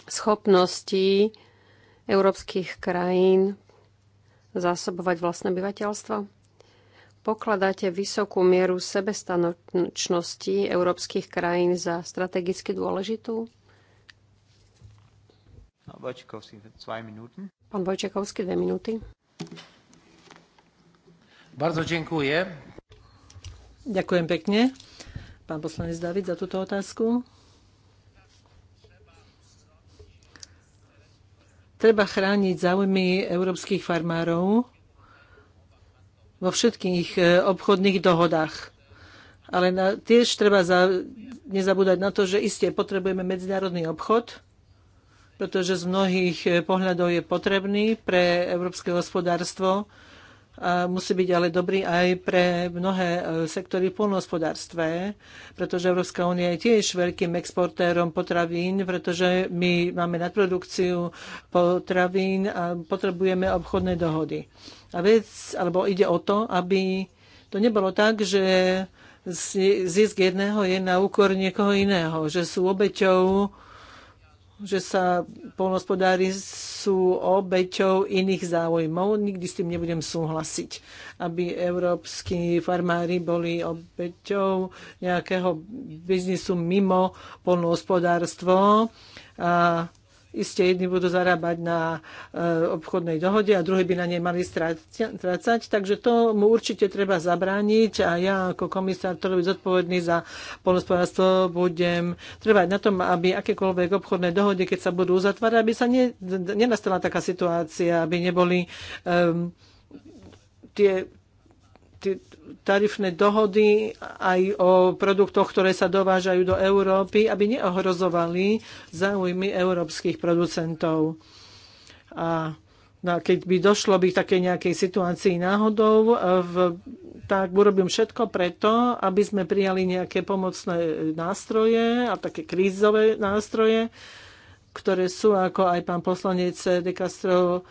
schopností európskych krajín zásobovať vlastné obyvateľstvo? Pokladáte vysokú mieru sebestanočnosti európskych krajín za strategicky dôležitú? Pán Vojčakovský, dve minúty. Bardzo dziękuję. Ďakujem pekne, pán poslanec David, za túto otázku. Treba chrániť záujmy európskych farmárov vo všetkých e, obchodných dohodách. Ale na, tiež treba za, nezabúdať na to, že iste potrebujeme medzinárodný obchod, pretože z mnohých e, pohľadov je potrebný pre európske hospodárstvo, a musí byť ale dobrý aj pre mnohé e, sektory v polnohospodárstve, pretože Európska únia je tiež veľkým exportérom potravín, pretože my máme nadprodukciu potravín a potrebujeme obchodné dohody. A vec, alebo ide o to, aby to nebolo tak, že zisk jedného je na úkor niekoho iného, že sú obeťou že sa polnospodári sú obeťou iných záujmov. Nikdy s tým nebudem súhlasiť, aby európsky farmári boli obeťou nejakého biznisu mimo polnohospodárstvo. A iste jedni budú zarábať na e, obchodnej dohode a druhí by na nej mali strácať. Takže to mu určite treba zabrániť a ja ako komisár, ktorý je zodpovedný za polospodárstvo, budem trvať na tom, aby akékoľvek obchodné dohody, keď sa budú uzatvárať, aby sa ne, nenastala taká situácia, aby neboli um, tie tarifné dohody aj o produktoch, ktoré sa dovážajú do Európy, aby neohrozovali záujmy európskych producentov. A No, keď by došlo by k nejakej situácii náhodou, e, v, tak urobím všetko preto, aby sme prijali nejaké pomocné nástroje a také krízové nástroje, ktoré sú, ako aj pán poslanec De Castro e,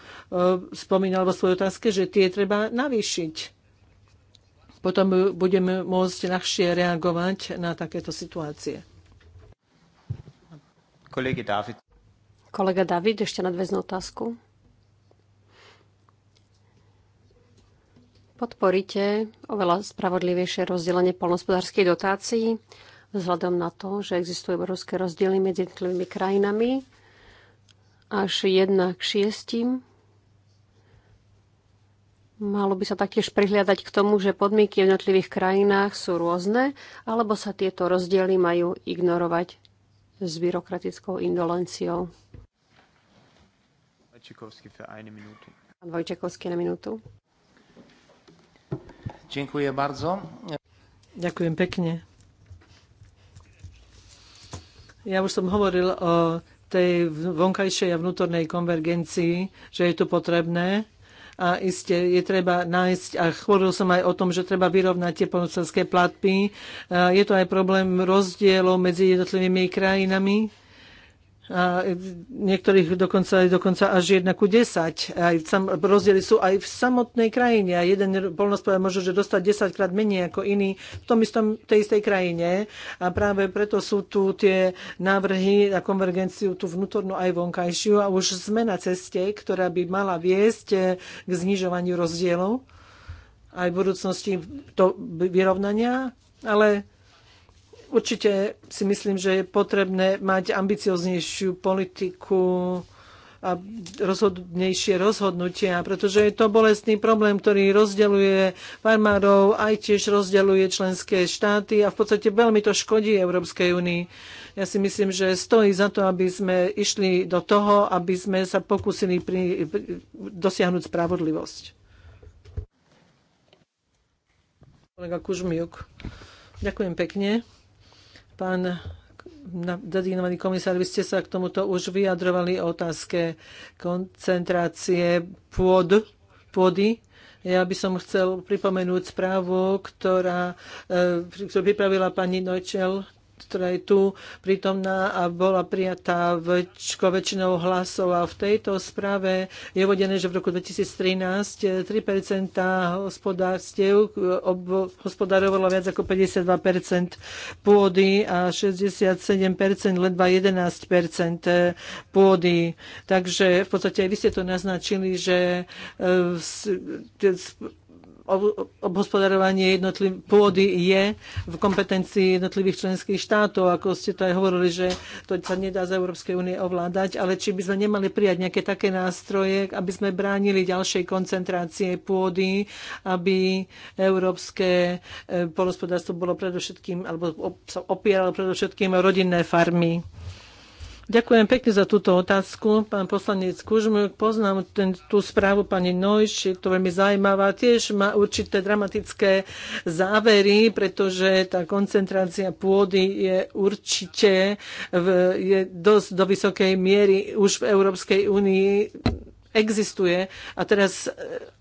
spomínal vo svojej otázke, že tie treba navýšiť potom budeme môcť ľahšie reagovať na takéto situácie. Kolega David. Kolega David, ešte nadväznú otázku. Podporíte oveľa spravodlivejšie rozdelenie polnospodárskej dotácií vzhľadom na to, že existujú obrovské rozdiely medzi jednotlivými krajinami až jedna k šiestim Malo by sa taktiež prihliadať k tomu, že podmienky v jednotlivých krajinách sú rôzne, alebo sa tieto rozdiely majú ignorovať s byrokratickou indolenciou. Pán Vojčekovský na minútu. Ďakujem bardzo. Ďakujem pekne. Ja už som hovoril o tej vonkajšej a vnútornej konvergencii, že je to potrebné a iste je treba nájsť, a hovoril som aj o tom, že treba vyrovnať tie polnocenské platby. Je to aj problém rozdielov medzi jednotlivými krajinami? a niektorých dokonca, dokonca až 1 ku 10. Aj sam, rozdiely sú aj v samotnej krajine. A jeden polnospodár môže že dostať 10 krát menej ako iný v tom istom, tej istej krajine. A práve preto sú tu tie návrhy na konvergenciu, tú vnútornú aj vonkajšiu. A už sme na ceste, ktorá by mala viesť eh, k znižovaniu rozdielov aj v budúcnosti to vyrovnania, ale Určite si myslím, že je potrebné mať ambicioznejšiu politiku a rozhodnejšie rozhodnutia, pretože je to bolestný problém, ktorý rozdeľuje farmárov, aj tiež rozdeľuje členské štáty a v podstate veľmi to škodí Európskej únii. Ja si myslím, že stojí za to, aby sme išli do toho, aby sme sa pokúsili pri, pri, dosiahnuť spravodlivosť. Kolega Kužmiuk. Ďakujem pekne. Pán zadegnovaný komisár, vy ste sa k tomuto už vyjadrovali o otázke koncentrácie pôd, pôdy ja by som chcel pripomenúť správu, ktorá, e, ktorú pripravila pani Neuchel ktorá je tu prítomná a bola prijatá väčškou väčšinou hlasov. A v tejto správe je uvedené, že v roku 2013 3 hospodárstiev hospodárovalo viac ako 52 pôdy a 67 ledva 11 pôdy. Takže v podstate aj vy ste to naznačili, že e, obhospodarovanie jednotliv- pôdy je v kompetencii jednotlivých členských štátov, ako ste to aj hovorili, že to sa nedá z Európskej únie ovládať, ale či by sme nemali prijať nejaké také nástroje, aby sme bránili ďalšej koncentrácie pôdy, aby európske e, polospodárstvo bolo predovšetkým, alebo sa opieralo predovšetkým rodinné farmy. Ďakujem pekne za túto otázku. Pán poslanec Kužmuk. poznám ten, tú správu pani Nojš, je to veľmi zaujímavá. Tiež má určité dramatické závery, pretože tá koncentrácia pôdy je určite v, je dosť do vysokej miery už v Európskej únii existuje. A teraz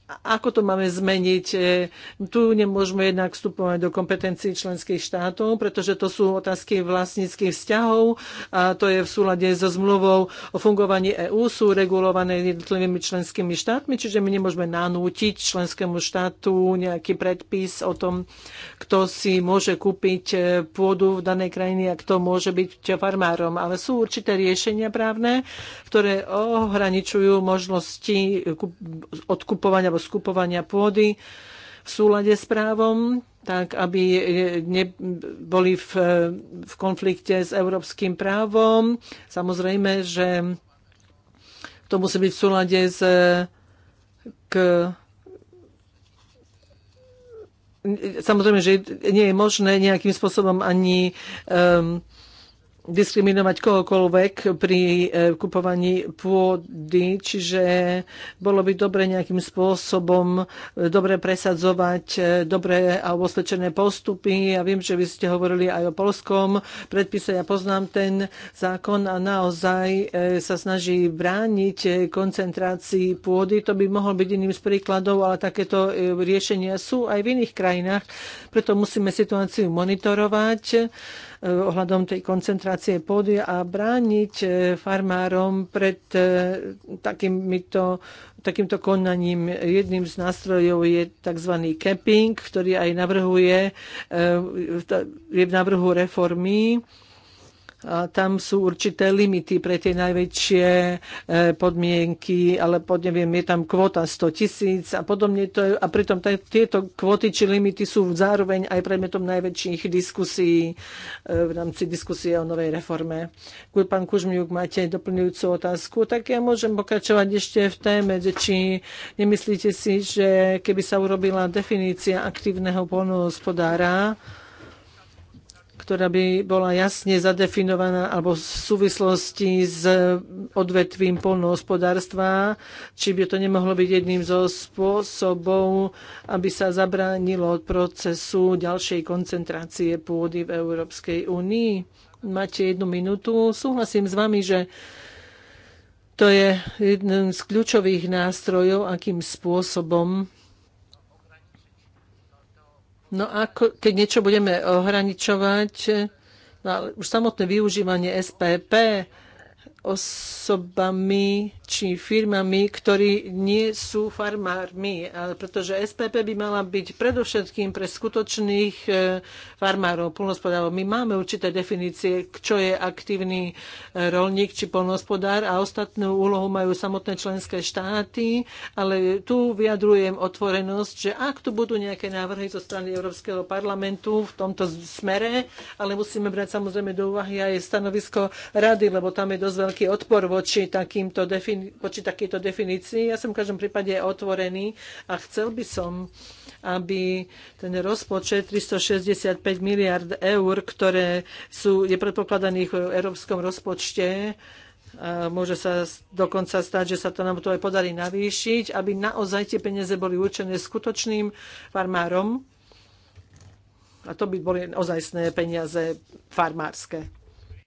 ako to máme zmeniť. E, tu nemôžeme jednak vstupovať do kompetencií členských štátov, pretože to sú otázky vlastníckých vzťahov a to je v súlade so zmluvou o fungovaní EÚ, sú regulované jednotlivými členskými štátmi, čiže my nemôžeme nanútiť členskému štátu nejaký predpis o tom, kto si môže kúpiť e, pôdu v danej krajine a kto môže byť farmárom. Ale sú určité riešenia právne, ktoré ohraničujú možnosti odkupovania právo skupovania pôdy v súlade s právom, tak aby e, neboli v, e, v konflikte s európskym právom. Samozrejme, že to musí byť v súlade s e, k Samozrejme, že nie je možné nejakým spôsobom ani um, diskriminovať kohokoľvek pri e, kupovaní pôdy, čiže bolo by dobre nejakým spôsobom e, dobre presadzovať e, dobre a osvedčené postupy. Ja viem, že vy ste hovorili aj o polskom predpise. Ja poznám ten zákon a naozaj sa snaží brániť koncentrácii pôdy. To by mohol byť iným z príkladov, ale takéto riešenia sú aj v iných krajinách. Preto musíme situáciu monitorovať Eh, ohľadom tej koncentrácie pôdy a brániť eh, farmárom pred eh, takýmito, takýmto konaním. Jedným z nástrojov je tzv. capping, ktorý aj navrhuje, je v návrhu reformy a tam sú určité limity pre tie najväčšie e, podmienky, ale pod, neviem, je tam kvota 100 tisíc a podobne. To je, a pritom tieto kvoty či limity sú zároveň aj predmetom najväčších diskusí e, v rámci diskusie o novej reforme. Kúr, pán Kužmiuk, máte doplňujúcu otázku, tak ja môžem pokračovať ešte v téme, či nemyslíte si, že keby sa urobila definícia aktívneho polnohospodára, ktorá by bola jasne zadefinovaná alebo v súvislosti s odvetvím polnohospodárstva, či by to nemohlo byť jedným zo spôsobov, aby sa zabránilo procesu ďalšej koncentrácie pôdy v Európskej únii. Máte jednu minútu. Súhlasím s vami, že to je jeden z kľúčových nástrojov, akým spôsobom No a keď niečo budeme ohraničovať, no, už samotné využívanie SPP, osobami či firmami, ktorí nie sú farmármi, pretože SPP by mala byť predovšetkým pre skutočných e, farmárov, polnospodárov. My máme určité definície, čo je aktívny e, rolník či polnospodár a ostatnú úlohu majú samotné členské štáty, ale tu vyjadrujem otvorenosť, že ak tu budú nejaké návrhy zo strany Európskeho parlamentu v tomto smere, ale musíme brať samozrejme do úvahy aj stanovisko rady, lebo tam je dosť veľký veľký odpor voči, takýmto defini- voči takýto definícii. Ja som v každom prípade otvorený a chcel by som, aby ten rozpočet 365 miliard eur, ktoré sú, je predpokladaných v európskom rozpočte, a môže sa dokonca stať, že sa to nám to aj podarí navýšiť, aby naozaj tie peniaze boli určené skutočným farmárom. A to by boli ozajstné peniaze farmárske.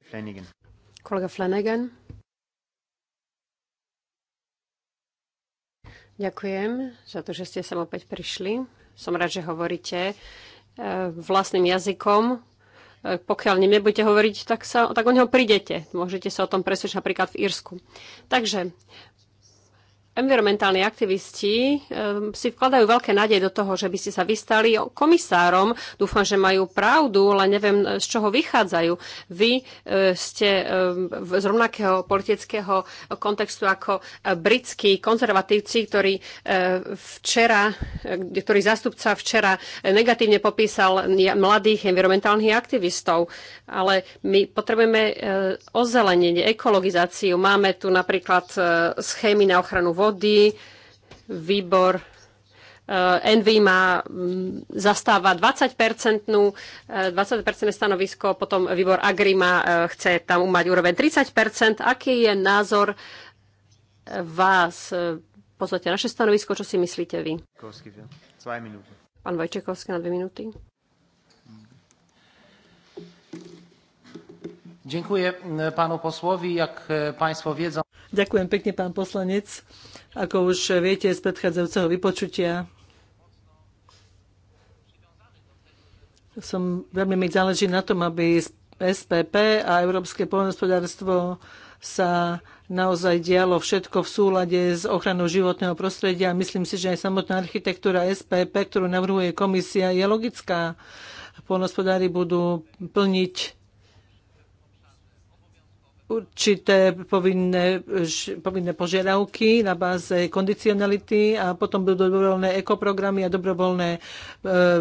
Flanagan. Kolega Flanagan. Ďakujem za to, že ste sem opäť prišli. Som rád, že hovoríte eh, vlastným jazykom. Eh, pokiaľ ním nebudete hovoriť, tak, sa, tak o neho prídete. Môžete sa o tom presvedčiť napríklad v Írsku. Takže environmentálni aktivisti ehm, si vkladajú veľké nádej do toho, že by ste sa vystali komisárom. Dúfam, že majú pravdu, ale neviem, z čoho vychádzajú. Vy eh, ste ehm, z rovnakého politického kontextu ako eh, britskí konzervatívci, ktorí eh, včera, ktorý zástupca včera negatívne popísal mladých environmentálnych aktivistov. Ale my potrebujeme ozelenenie, ekologizáciu. Máme tu napríklad schémy na ochranu vody, vody, Výbor eh, Envy má mm, zastáva 20-percentnú 20 eh, stanovisko, potom výbor Agri má, eh, chce tam mať úroveň 30 Aký je názor vás, v naše stanovisko, čo si myslíte vy? Pán Vojčekovský na dve minúty. Dziękuję panu posłowi. Jak państwo wiedzą... Ďakujem pekne, pán poslanec. Ako už viete z predchádzajúceho vypočutia, som, veľmi mi záleží na tom, aby SPP a Európske poľnohospodárstvo sa naozaj dialo všetko v súlade s ochranou životného prostredia. Myslím si, že aj samotná architektúra SPP, ktorú navrhuje komisia, je logická. Poľnohospodári budú plniť určité povinné, povinné požiadavky na báze kondicionality a potom budú dobrovoľné ekoprogramy a dobrovoľné e,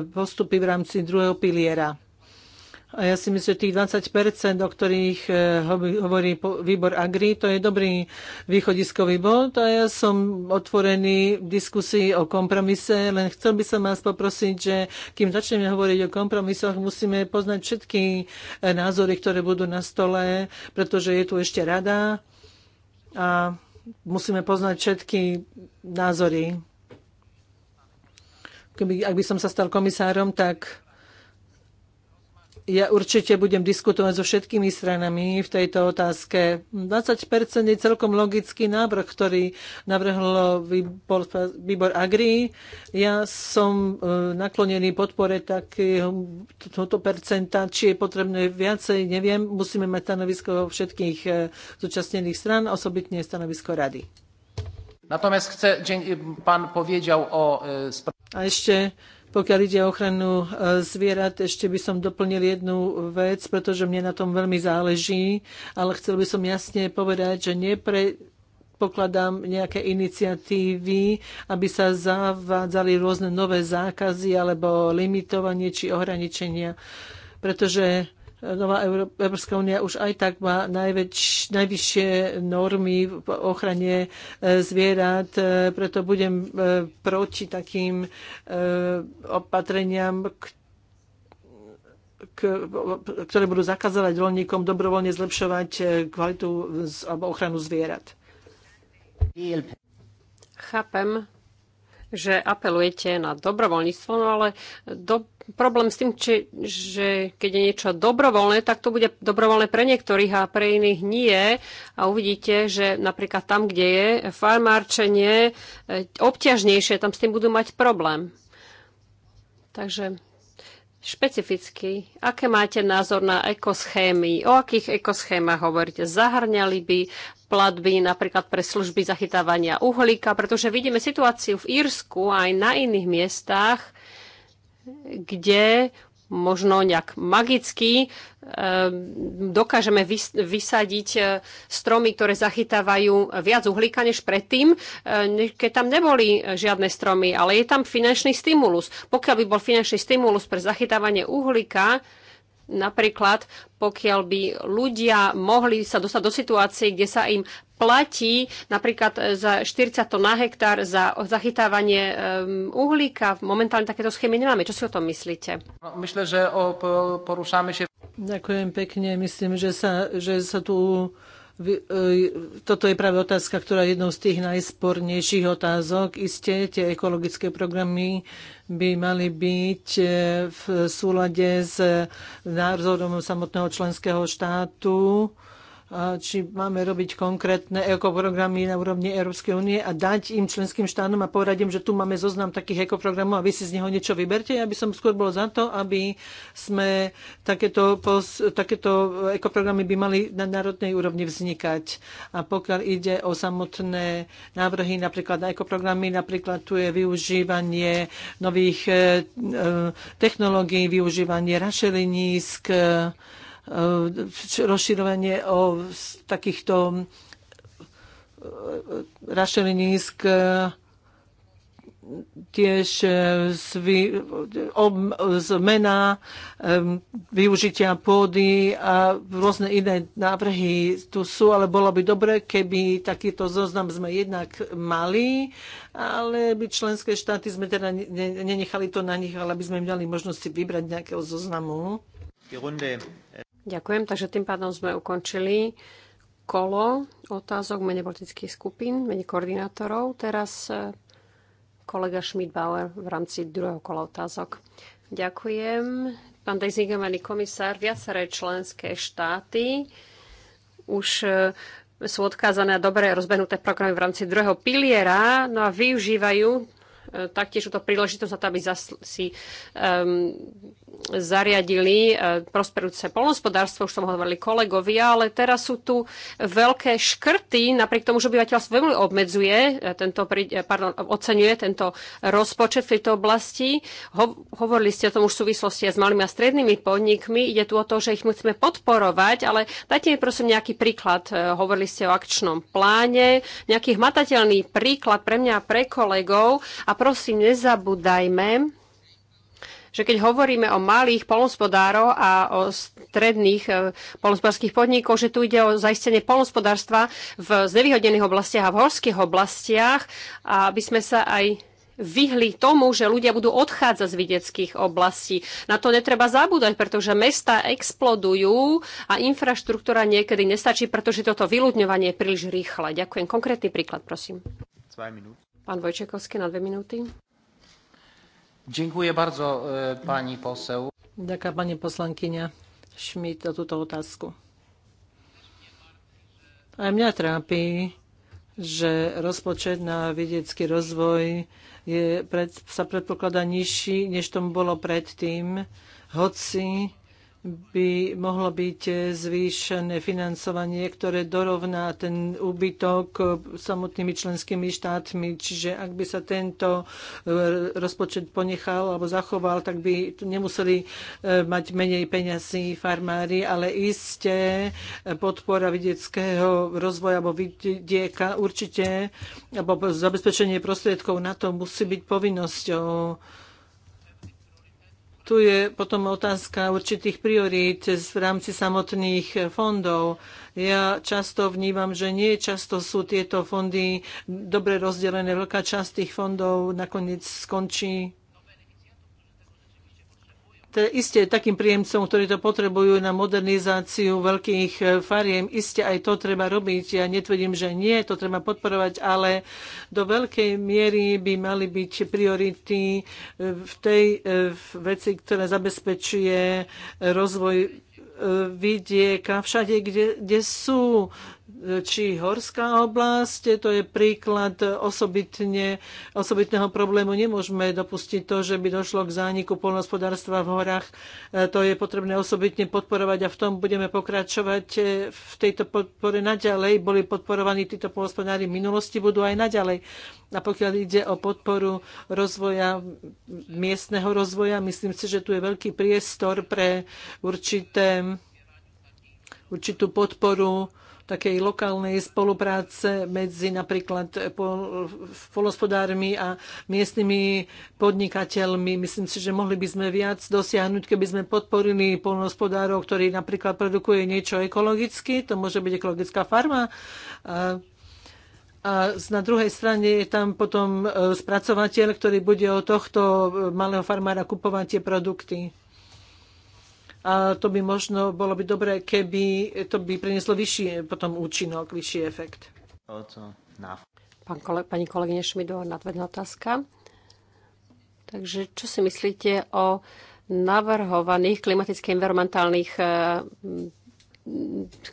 postupy v rámci druhého piliera. A ja si myslím, že tých 20%, o ktorých eh, hovorí výbor Agri, to je dobrý východiskový bod a ja som otvorený v diskusii o kompromise, len chcel by som vás poprosiť, že kým začneme hovoriť o kompromisoch, musíme poznať všetky eh, názory, ktoré budú na stole, pretože je tu ešte rada a musíme poznať všetky názory. Keby, ak by som sa stal komisárom, tak ja určite budem diskutovať so všetkými stranami v tejto otázke. 20% je celkom logický návrh, ktorý navrhol výbor, výbor Agri. Ja som e, naklonený podpore takéhoto percenta, či je potrebné viacej, neviem. Musíme mať stanovisko všetkých e, zúčastnených stran, osobitne stanovisko rady. Natomiast chcę, pán powiedział o... E, A ešte pokiaľ ide o ochranu e, zvierat, ešte by som doplnil jednu vec, pretože mne na tom veľmi záleží, ale chcel by som jasne povedať, že nepre, pokladám nejaké iniciatívy, aby sa zavádzali rôzne nové zákazy alebo limitovanie či ohraničenia, pretože Nová Európska únia už aj tak má najväč, najvyššie normy v ochrane e, zvierat, e, preto budem e, proti takým opatreniam, k, ktoré budú zakazovať rolníkom dobrovoľne zlepšovať kvalitu alebo ochranu zvierat. Chápem, že apelujete na dobrovoľníctvo, no ale do, problém s tým, či, že keď je niečo dobrovoľné, tak to bude dobrovoľné pre niektorých a pre iných nie. A uvidíte, že napríklad tam, kde je farmárčenie e, obťažnejšie, tam s tým budú mať problém. Takže špecificky, aké máte názor na ekoschémy? O akých ekoschémach hovoríte? Zahrňali by platby napríklad pre služby zachytávania uhlíka, pretože vidíme situáciu v Írsku aj na iných miestach, kde možno nejak magicky eh, dokážeme vysadiť eh, stromy, ktoré zachytávajú viac uhlíka než predtým, eh, keď tam neboli žiadne stromy, ale je tam finančný stimulus. Pokiaľ by bol finančný stimulus pre zachytávanie uhlíka, Napríklad, pokiaľ by ľudia mohli sa dostať do situácie, kde sa im platí napríklad e, za 40 tón na hektár za zachytávanie uhlíka. Momentálne takéto schémy nemáme. Čo si o tom myslíte? No, Myslím, že porušáme sa. Ďakujem pekne. Myslím, že sa, že sa tu E, toto je práve otázka, ktorá je jednou z tých najspornejších otázok. Isté, tie ekologické programy by mali byť e, v súlade s názorom samotného členského štátu či máme robiť konkrétne ekoprogramy na úrovni Európskej únie a dať im členským štátom a povedať im, že tu máme zoznam takých ekoprogramov a vy si z neho niečo vyberte. Ja by som skôr bol za to, aby sme takéto, takéto ekoprogramy by mali na národnej úrovni vznikať. A pokiaľ ide o samotné návrhy, napríklad na ekoprogramy, napríklad tu je využívanie nových eh, eh, technológií, využívanie rašelinísk, E, rozširovanie o takýchto e, e, rašelinísk tiež ob, zmena využitia pôdy a rôzne iné návrhy tu sú, ale bolo by dobre, keby takýto zoznam sme jednak mali, ale by členské štáty sme teda nenechali to na nich, ale by sme im dali možnosti vybrať nejakého zoznamu. Ďakujem, takže tým pádom sme ukončili kolo otázok mene politických skupín, mene koordinátorov. Teraz e, kolega Schmidbauer v rámci druhého kola otázok. Ďakujem. Pán dezignovaný komisár, viaceré členské štáty už e, sú odkázané na dobre rozbehnuté programy v rámci druhého piliera, no a využívajú E, taktiež to príležitosť na to, aby si um, zariadili uh, prosperujúce polnospodárstvo, už som hovorili kolegovia, ale teraz sú tu veľké škrty, napriek tomu, že obyvateľstvo veľmi obmedzuje, e, tento, pardon, oceňuje tento rozpočet v tejto oblasti. Ho, hovorili ste o tom už v súvislosti s malými a strednými podnikmi, ide tu o to, že ich musíme podporovať, ale dajte mi prosím nejaký príklad. Hovorili ste o akčnom pláne, nejaký hmatateľný príklad pre mňa a pre kolegov a prosím, nezabúdajme, že keď hovoríme o malých polnospodároch a o stredných e, polnospodárských podnikoch, že tu ide o zaistenie polnospodárstva v znevýhodnených oblastiach a v horských oblastiach, aby sme sa aj vyhli tomu, že ľudia budú odchádzať z videckých oblastí. Na to netreba zabúdať, pretože mesta explodujú a infraštruktúra niekedy nestačí, pretože toto vyľudňovanie je príliš rýchle. Ďakujem. Konkrétny príklad, prosím. Pán Vojčekovský na dve minúty. Ďakujem bardzo, e, pani poseł. Ďakujem, pani poslankyňa Šmit, za túto otázku. Aj mňa trápi, že rozpočet na vedecký rozvoj je pred, sa predpokladá nižší, než tomu bolo predtým, hoci by mohlo byť zvýšené financovanie, ktoré dorovná ten úbytok samotnými členskými štátmi. Čiže ak by sa tento e, rozpočet ponechal alebo zachoval, tak by nemuseli e, mať menej peňazí farmári, ale isté podpora vidieckého rozvoja alebo vidieka určite, alebo zabezpečenie prostriedkov na to musí byť povinnosťou tu je potom otázka určitých priorít v rámci samotných fondov. Ja často vnímam, že nie často sú tieto fondy dobre rozdelené. Veľká časť tých fondov nakoniec skončí iste takým príjemcom, ktorí to potrebujú na modernizáciu veľkých e, fariem, iste aj to treba robiť. Ja netvrdím, že nie, to treba podporovať, ale do veľkej miery by mali byť priority e, v tej e, veci, ktorá zabezpečuje rozvoj vidieka, všade, kde, kde sú či horská oblasť, to je príklad osobitne, osobitného problému. Nemôžeme dopustiť to, že by došlo k zániku polnospodárstva v horách. E, to je potrebné osobitne podporovať a v tom budeme pokračovať e, v tejto podpore naďalej. Boli podporovaní títo polnospodári v minulosti, budú aj naďalej. A pokiaľ ide o podporu rozvoja, miestneho rozvoja, myslím si, že tu je veľký priestor pre určité, určitú podporu takej lokálnej spolupráce medzi napríklad polospodármi a miestnymi podnikateľmi. Myslím si, že mohli by sme viac dosiahnuť, keby sme podporili polnospodárov, ktorí napríklad produkuje niečo ekologicky, to môže byť ekologická farma. a na druhej strane je tam potom e, spracovateľ, ktorý bude od tohto e, malého farmára kupovať tie produkty a to by možno bolo by dobré, keby to by prinieslo vyšší potom účinok, vyšší efekt. Pán kole, pani kolegyne Šmidová, nadvedná otázka. Takže čo si myslíte o navrhovaných klimatických environmentálnych eh,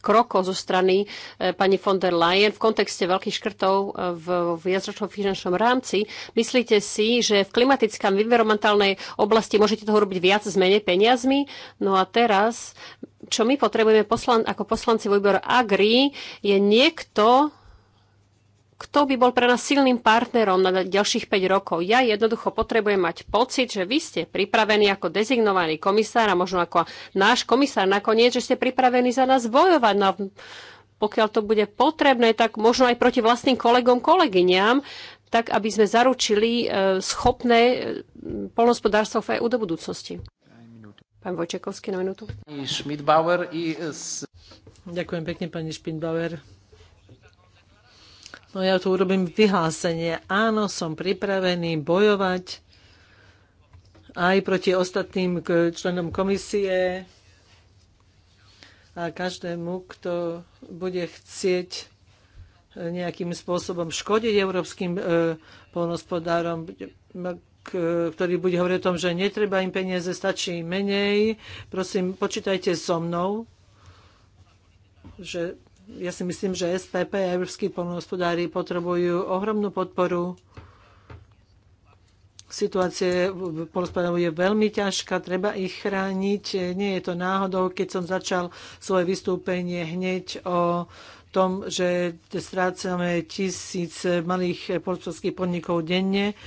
krokov zo strany eh, pani von der Leyen v kontexte veľkých škrtov eh, v viacročnom finančnom rámci. Myslíte si, že v klimatickom a environmentálnej oblasti môžete toho robiť viac s menej peniazmi? No a teraz, čo my potrebujeme poslan- ako poslanci výboru Agri, je niekto, kto by bol pre nás silným partnerom na ďalších 5 rokov. Ja jednoducho potrebujem mať pocit, že vy ste pripravení ako dezignovaný komisár a možno ako náš komisár nakoniec, že ste pripravení za nás bojovať. No, pokiaľ to bude potrebné, tak možno aj proti vlastným kolegom, kolegyňam, tak aby sme zaručili e, schopné e, polnospodárstvo v EU do budúcnosti. Pán Vojčekovský na minútu. Ďakujem pekne, pani Špinbauer. No ja tu urobím vyhlásenie. Áno, som pripravený bojovať aj proti ostatným členom komisie a každému, kto bude chcieť nejakým spôsobom škodiť európskym e, polnospodárom, ktorý bude hovoriť o tom, že netreba im peniaze, stačí menej. Prosím, počítajte so mnou, že ja si myslím, že SPP a európsky polnohospodári potrebujú ohromnú podporu. Situácia v polnohospodárov je veľmi ťažká, treba ich chrániť. Nie je to náhodou, keď som začal svoje vystúpenie hneď o tom, že strácame tisíc malých polcovských podnikov denne.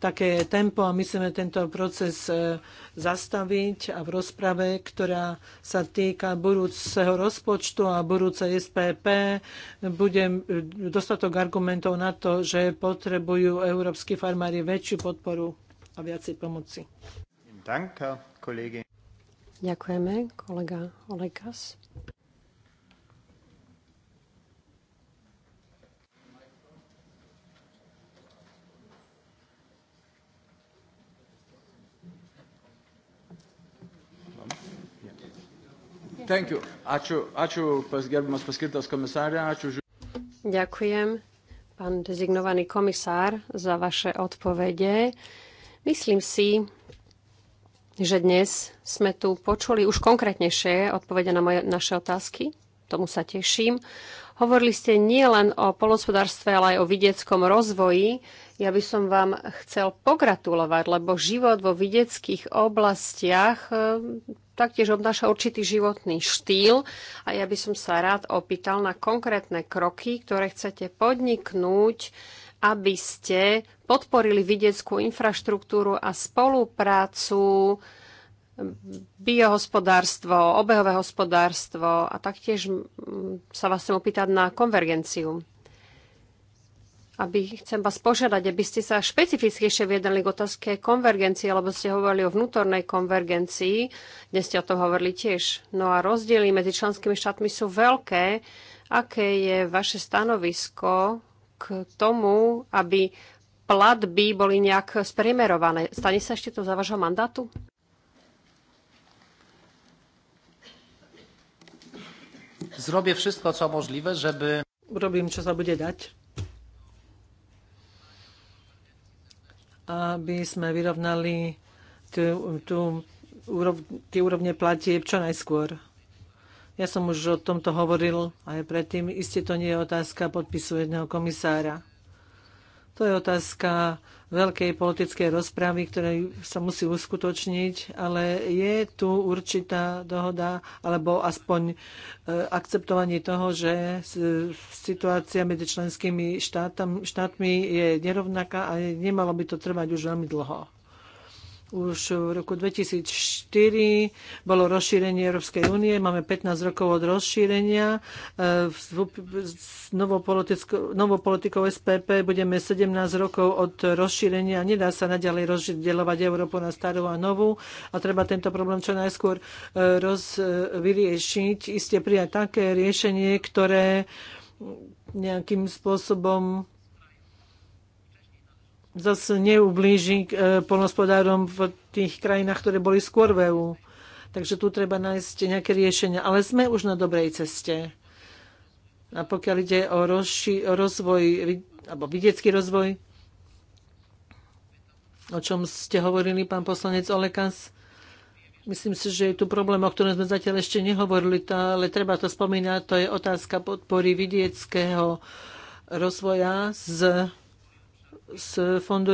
Také je tempo a my chceme tento proces e, zastaviť a v rozprave, ktorá sa týka budúceho rozpočtu a budúce SPP, bude e, dostatok argumentov na to, že potrebujú európsky farmári väčšiu podporu a viacej pomoci. Ďakujeme, kolega Olegas. Ďakujem, pán dezignovaný komisár, za vaše odpovede. Myslím si, že dnes sme tu počuli už konkrétnejšie odpovede na moje, naše otázky. Tomu sa teším. Hovorili ste nielen o polospodárstve, ale aj o vidieckom rozvoji. Ja by som vám chcel pogratulovať, lebo život vo videckých oblastiach e, taktiež obnáša určitý životný štýl a ja by som sa rád opýtal na konkrétne kroky, ktoré chcete podniknúť, aby ste podporili videckú infraštruktúru a spoluprácu biohospodárstvo, obehové hospodárstvo a taktiež mm, sa vás chcem opýtať na konvergenciu aby chcem vás požiadať, aby ste sa špecifickejšie viedali k otázke konvergencie, lebo ste hovorili o vnútornej konvergencii, dnes ste o tom hovorili tiež. No a rozdiely medzi členskými štátmi sú veľké. Aké je vaše stanovisko k tomu, aby platby boli nejak sprimerované? Stane sa ešte to za vášho mandátu? Zrobię wszystko, co możliwe, żeby... Robím, čo sa bude dať aby sme vyrovnali tú, tú, úrov, tie úrovne platieb čo najskôr. Ja som už o tomto hovoril aj predtým. Isté to nie je otázka podpisu jedného komisára. To je otázka veľkej politickej rozpravy, ktorej sa musí uskutočniť, ale je tu určitá dohoda, alebo aspoň e, akceptovanie toho, že situácia medzi členskými štátmi je nerovnaká a nemalo by to trvať už veľmi dlho už v roku 2004 bolo rozšírenie Európskej únie, máme 15 rokov od rozšírenia. E, s novou politikou, SPP budeme 17 rokov od rozšírenia. Nedá sa naďalej rozdielovať Európu na starú a novú a treba tento problém čo najskôr e, roz, e, vyriešiť. Isté prijať také riešenie, ktoré nejakým spôsobom zase neublíži e, polnospodárom v tých krajinách, ktoré boli skôr v EU. Takže tu treba nájsť nejaké riešenia. Ale sme už na dobrej ceste. A pokiaľ ide o, rozši- o rozvoj, alebo vidiecký rozvoj, o čom ste hovorili, pán poslanec Olekas, myslím si, že je tu problém, o ktorom sme zatiaľ ešte nehovorili, ale treba to spomínať, to je otázka podpory vidieckého rozvoja z z Fondu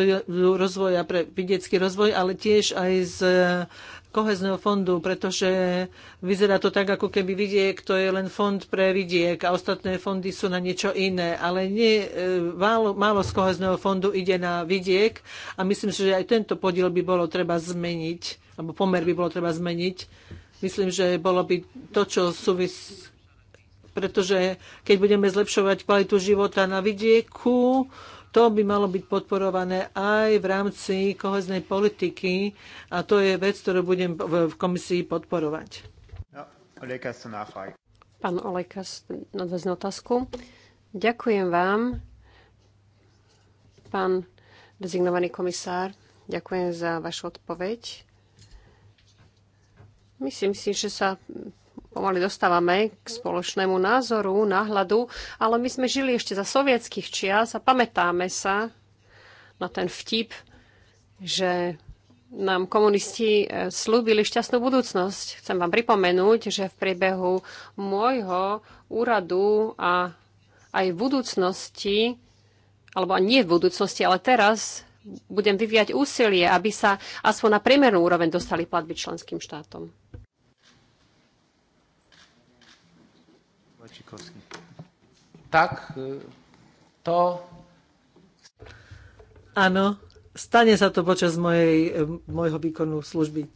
rozvoja pre vidiecký rozvoj, ale tiež aj z kohezného fondu, pretože vyzerá to tak, ako keby vidiek to je len fond pre vidiek a ostatné fondy sú na niečo iné. Ale nie, e, málo, málo z kohezného fondu ide na vidiek a myslím si, že aj tento podiel by bolo treba zmeniť, alebo pomer by bolo treba zmeniť. Myslím, že bolo by to, čo súvis pretože keď budeme zlepšovať kvalitu života na vidieku, to by malo byť podporované aj v rámci koheznej politiky a to je vec, ktorú budem v komisii podporovať. Pán Olekas, nadväznú otázku. Ďakujem vám, pán dezignovaný komisár. Ďakujem za vašu odpoveď. Myslím si, že sa pomaly dostávame k spoločnému názoru, náhľadu, ale my sme žili ešte za sovietských čias a pamätáme sa na ten vtip, že nám komunisti e, slúbili šťastnú budúcnosť. Chcem vám pripomenúť, že v priebehu môjho úradu a aj v budúcnosti, alebo nie v budúcnosti, ale teraz budem vyvíjať úsilie, aby sa aspoň na priemernú úroveň dostali platby členským štátom. Sikorski. Tak, e, to... Áno, stane sa to počas mojej, e, môjho výkonu služby.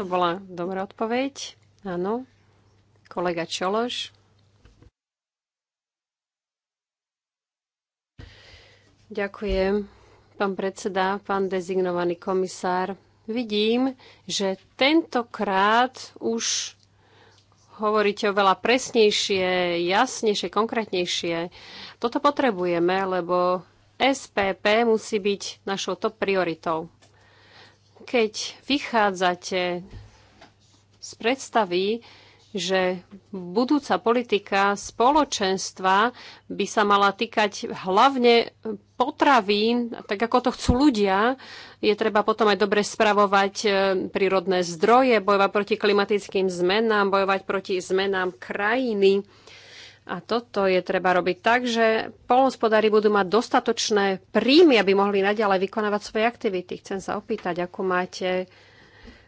To bola dobrá odpoveď. Áno. Kolega Čološ. Ďakujem. Pán predseda, pán dezignovaný komisár, vidím, že tentokrát už hovoríte oveľa presnejšie, jasnejšie, konkrétnejšie. Toto potrebujeme, lebo SPP musí byť našou top prioritou. Keď vychádzate z predstavy, že budúca politika spoločenstva by sa mala týkať hlavne potravín, tak ako to chcú ľudia. Je treba potom aj dobre spravovať e, prírodné zdroje, bojovať proti klimatickým zmenám, bojovať proti zmenám krajiny. A toto je treba robiť tak, že polnospodári budú mať dostatočné príjmy, aby mohli naďalej vykonávať svoje aktivity. Chcem sa opýtať, ako máte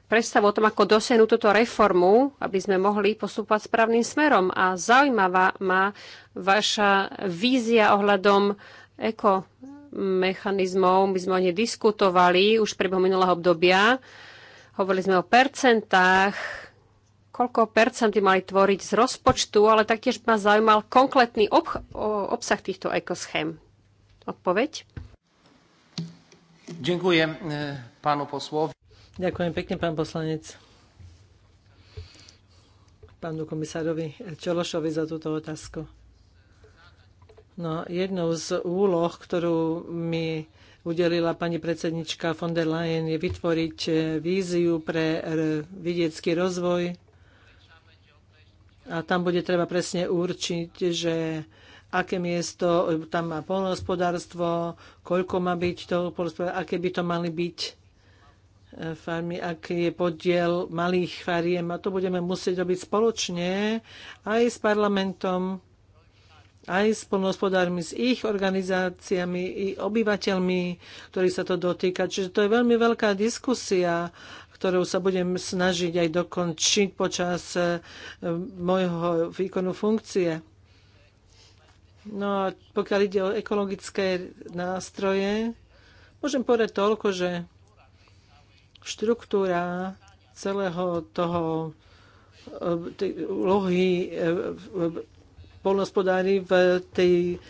predstavu o tom, ako dosiahnuť túto reformu, aby sme mohli postupovať správnym smerom. A zaujímavá má vaša vízia ohľadom ekomechanizmov. My sme o nej diskutovali už priebehu minulého obdobia. Hovorili sme o percentách, koľko percenty mali tvoriť z rozpočtu, ale taktiež ma zaujímal konkrétny obch- obsah týchto ekoschém. Odpoveď? Ďakujem e, pánu poslovi. Ďakujem pekne, pán poslanec pánu komisárovi Čološovi za túto otázku. No, jednou z úloh, ktorú mi udelila pani predsednička von der Leyen, je vytvoriť víziu pre vidiecký rozvoj. A tam bude treba presne určiť, že aké miesto tam má polnohospodárstvo, koľko má byť toho polnohospodárstva, aké by to mali byť E, farmy, aký je podiel malých fariem. A to budeme musieť robiť spoločne aj s parlamentom, aj s polnohospodármi, s ich organizáciami i obyvateľmi, ktorí sa to dotýka. Čiže to je veľmi veľká diskusia, ktorou sa budem snažiť aj dokončiť počas e, môjho výkonu funkcie. No a pokiaľ ide o ekologické nástroje, môžem povedať toľko, že štruktúra celého toho e, úlohy e, polnospodári v tej,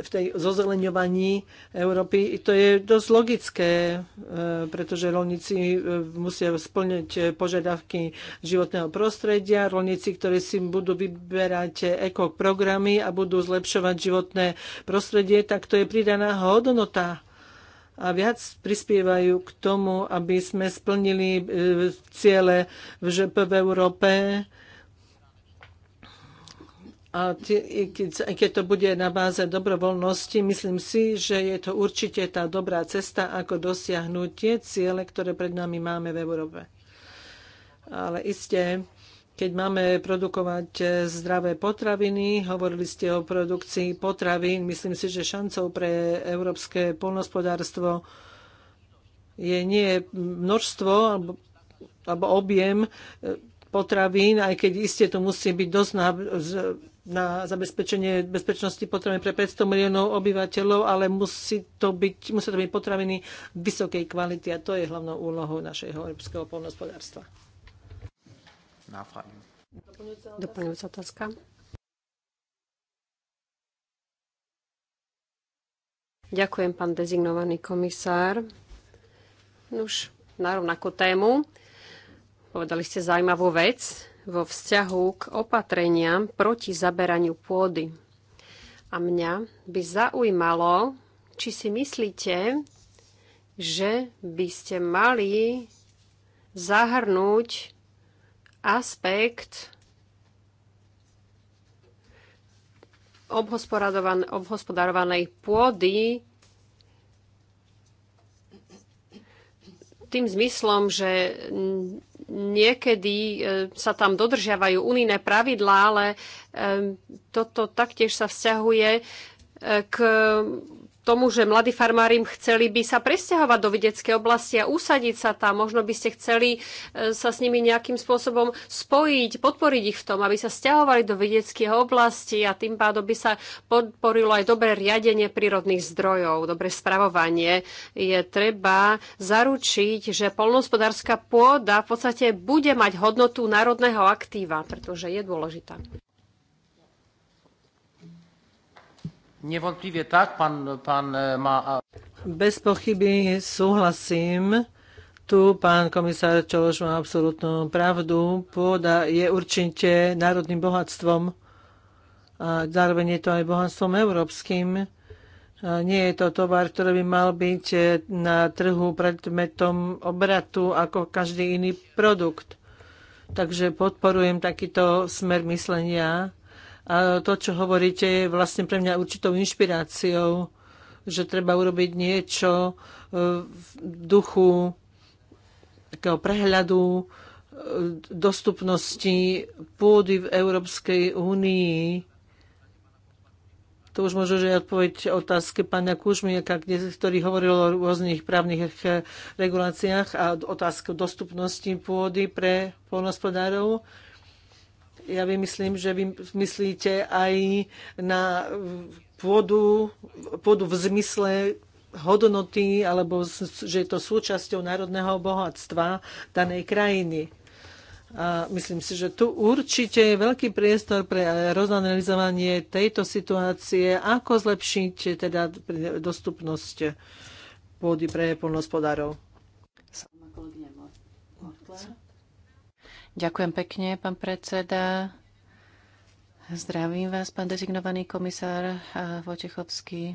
v tej zozeleňovaní Európy. To je dosť logické, e, pretože rolníci musia splňať požiadavky životného prostredia, rolníci, ktorí si budú vyberať ekoprogramy a budú zlepšovať životné prostredie, tak to je pridaná hodnota a viac prispievajú k tomu, aby sme splnili e, ciele v ŽP v Európe. A keď to bude na báze dobrovoľnosti, myslím si, že je to určite tá dobrá cesta, ako dosiahnuť tie ciele, ktoré pred nami máme v Európe. Ale isté, keď máme produkovať eh, zdravé potraviny. Hovorili ste o produkcii potravín. Myslím si, že šancou pre európske polnospodárstvo je nie množstvo alebo, alebo objem eh, potravín, aj keď iste to musí byť dosť na, na zabezpečenie bezpečnosti potravín pre 500 miliónov obyvateľov, ale musí to byť, musí to byť potraviny vysokej kvality a to je hlavnou úlohou našeho európskeho polnospodárstva nachfragen. otázka. Ďakujem, pán dezignovaný komisár. Už na rovnakú tému. Povedali ste zaujímavú vec vo vzťahu k opatreniam proti zaberaniu pôdy. A mňa by zaujímalo, či si myslíte, že by ste mali zahrnúť aspekt obhospodarovanej pôdy tým zmyslom, že niekedy e, sa tam dodržiavajú unijné pravidlá, ale e, toto taktiež sa vzťahuje e, k tomu, že mladí farmári chceli by sa presťahovať do videckej oblasti a usadiť sa tam. Možno by ste chceli e, sa s nimi nejakým spôsobom spojiť, podporiť ich v tom, aby sa stiahovali do videckých oblasti a tým pádom by sa podporilo aj dobré riadenie prírodných zdrojov, dobré spravovanie. Je treba zaručiť, že polnohospodárska pôda v podstate bude mať hodnotu národného aktíva, pretože je dôležitá. Niewątpliwie tak, pan, pan e, ma... Bez pochyby súhlasím. Tu pán komisár Čološ má absolútnu pravdu. Pôda je určite národným bohatstvom a zároveň je to aj bohatstvom európskym. Nie je to tovar, ktorý by mal byť e, na trhu predmetom obratu ako každý iný produkt. Takže podporujem takýto smer myslenia a to, čo hovoríte, je vlastne pre mňa určitou inšpiráciou, že treba urobiť niečo e, v duchu takého prehľadu e, dostupnosti pôdy v Európskej únii. To už môžu že je odpoveď otázky pána Kužmieka, ktorý hovoril o rôznych právnych reguláciách a otázku dostupnosti pôdy pre polnospodárov ja vymyslím, že vy myslíte aj na pôdu, pôdu v zmysle hodnoty, alebo že je to súčasťou národného bohatstva danej krajiny. A myslím si, že tu určite je veľký priestor pre rozanalizovanie tejto situácie, ako zlepšiť teda dostupnosť pôdy pre polnospodárov. Ďakujem pekne, pán predseda. Zdravím vás, pán dezignovaný komisár eh, Vojtechovský.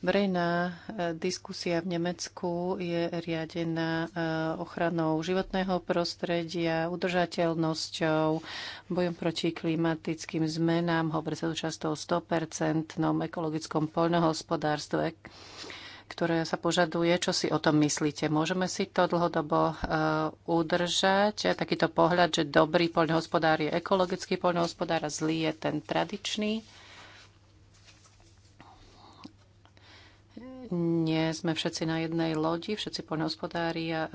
Verejná eh, diskusia v Nemecku je riadená eh, ochranou životného prostredia, udržateľnosťou, bojom proti klimatickým zmenám. Hovorí sa tu často o 100% ekologickom poľnohospodárstve ktoré sa požaduje. Čo si o tom myslíte? Môžeme si to dlhodobo e, udržať? Takýto pohľad, že dobrý poľnohospodár je ekologický poľnohospodár a zlý je ten tradičný? nie sme všetci na jednej lodi, všetci poľnohospodári a e,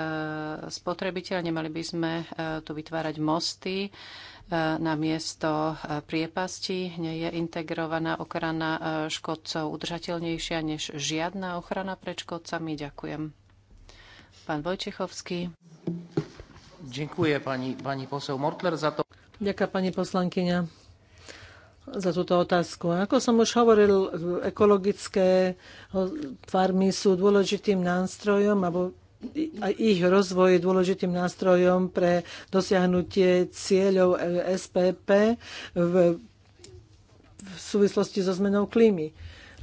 spotrebiteľ. Nemali by sme e, tu vytvárať mosty e, na miesto priepasti. Nie je integrovaná ochrana škodcov udržateľnejšia než žiadna ochrana pred škodcami. Ďakujem. Pán Vojčechovský. Ďakujem pani, pani posel Mortler za to. Ďakujem pani poslankyňa za túto otázku. Ako som už hovoril, ekologické farmy sú dôležitým nástrojom alebo a ich rozvoj je dôležitým nástrojom pre dosiahnutie cieľov SPP v, v súvislosti so zmenou klímy.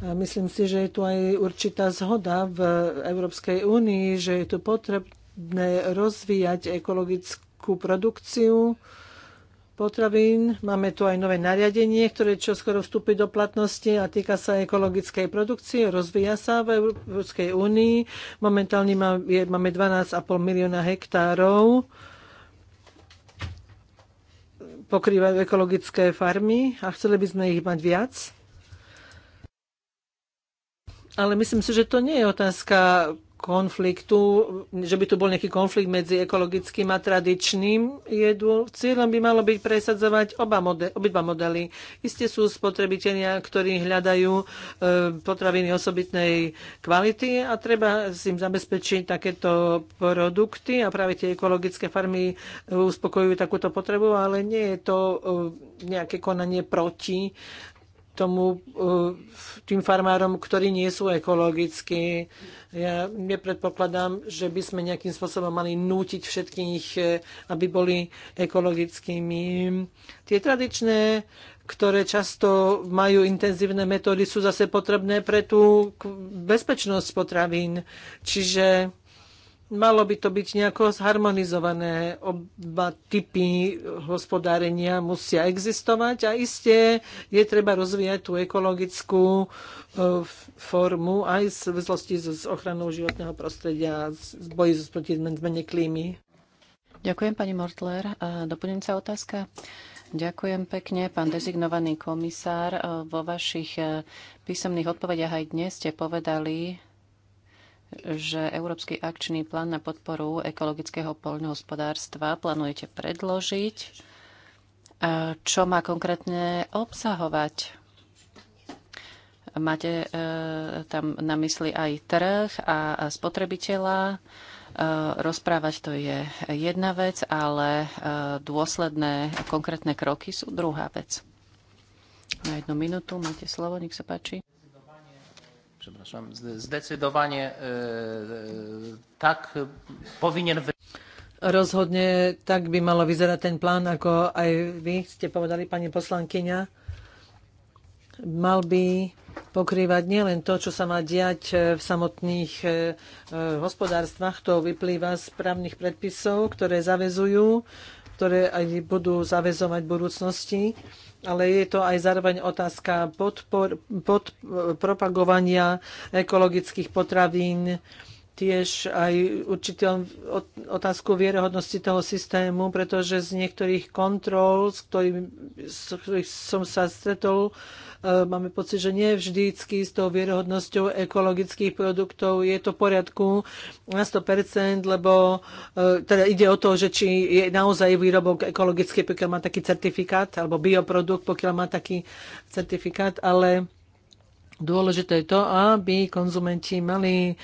A myslím si, že je tu aj určitá zhoda v Európskej únii, že je tu potrebné rozvíjať ekologickú produkciu, potravín. Máme tu aj nové nariadenie, ktoré čo skoro vstúpi do platnosti a týka sa ekologickej produkcie. Rozvíja sa v Európskej únii. Momentálne máme 12,5 milióna hektárov pokrývajú ekologické farmy a chceli by sme ich mať viac. Ale myslím si, že to nie je otázka konfliktu, že by tu bol nejaký konflikt medzi ekologickým a tradičným jedú. Cieľom by malo byť presadzovať oba mode, obidva modely. Isté sú spotrebitelia, ktorí hľadajú e, potraviny osobitnej kvality a treba si im zabezpečiť takéto produkty a práve tie ekologické farmy e, uspokojujú takúto potrebu, ale nie je to e, nejaké konanie proti e, tomu e, tým farmárom, ktorí nie sú ekologickí. Ja nepredpokladám, že by sme nejakým spôsobom mali nútiť všetkých, e, aby boli ekologickými. Tie tradičné, ktoré často majú intenzívne metódy, sú zase potrebné pre tú bezpečnosť potravín. Čiže malo by to byť nejako zharmonizované. Oba typy hospodárenia musia existovať a isté je treba rozvíjať tú ekologickú e, formu aj v súvislosti s ochranou životného prostredia, z boji proti zmene klímy. Ďakujem, pani Mortler. Doplňujúca otázka. Ďakujem pekne, pán dezignovaný komisár. E, vo vašich e, písomných odpovediach aj dnes ste povedali, že Európsky akčný plán na podporu ekologického poľnohospodárstva plánujete predložiť. Čo má konkrétne obsahovať? Máte e, tam na mysli aj trh a, spotrebiteľa. E, rozprávať to je jedna vec, ale e, dôsledné konkrétne kroky sú druhá vec. Na jednu minútu máte slovo, nech sa páči przepraszam, zdecydowanie e, e, tak e, powinien być. Rozhodne tak by malo vyzerať ten plán, ako aj vy ste povedali, pani poslankyňa. Mal by pokrývať nielen to, čo sa má diať v samotných hospodárstvach, to vyplýva z právnych predpisov, ktoré zavezujú ktoré aj budú zavezovať v budúcnosti, ale je to aj zároveň otázka podpor, pod, propagovania ekologických potravín, tiež aj určitú otázku vierohodnosti toho systému, pretože z niektorých kontrol, s ktorými, s ktorých som sa stretol, E, máme pocit, že nie vždycky s tou vierohodnosťou ekologických produktov je to v poriadku na 100%, lebo e, teda ide o to, že či je naozaj výrobok ekologický, pokiaľ má taký certifikát, alebo bioprodukt, pokiaľ má taký certifikát, ale Dôležité je to, aby konzumenti mali e,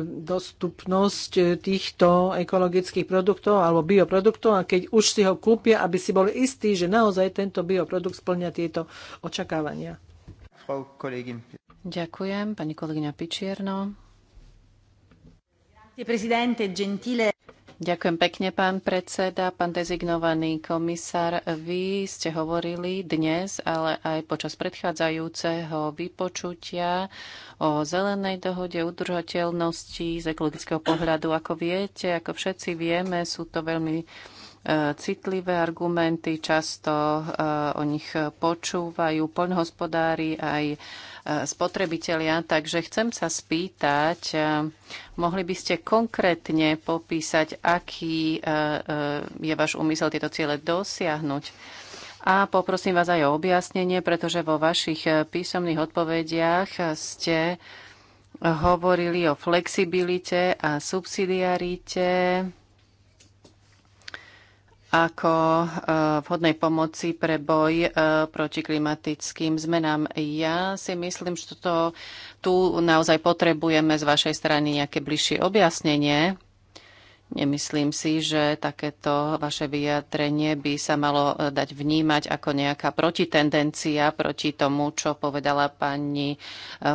dostupnosť e, týchto ekologických produktov alebo bioproduktov a keď už si ho kúpia, aby si boli istí, že naozaj tento bioprodukt splňa tieto očakávania. Ďakujem, pani kolegyňa Pičierno. Presidente, gentile Ďakujem pekne, pán predseda. Pán dezignovaný komisár, vy ste hovorili dnes, ale aj počas predchádzajúceho vypočutia o zelenej dohode udržateľnosti z ekologického pohľadu. Ako viete, ako všetci vieme, sú to veľmi citlivé argumenty, často eh, o nich počúvajú poľnohospodári aj eh, spotrebitelia. Takže chcem sa spýtať, eh, mohli by ste konkrétne popísať, aký je váš úmysel tieto ciele dosiahnuť? A poprosím vás aj o objasnenie, pretože vo vašich písomných odpovediach ste hovorili o flexibilite a subsidiarite ako eh, vhodnej pomoci pre boj eh, proti klimatickým zmenám. Ja si myslím, že to tu naozaj potrebujeme z vašej strany nejaké bližšie objasnenie. Nemyslím si, že takéto vaše vyjadrenie by sa malo eh, dať vnímať ako nejaká protitendencia proti tomu, čo povedala pani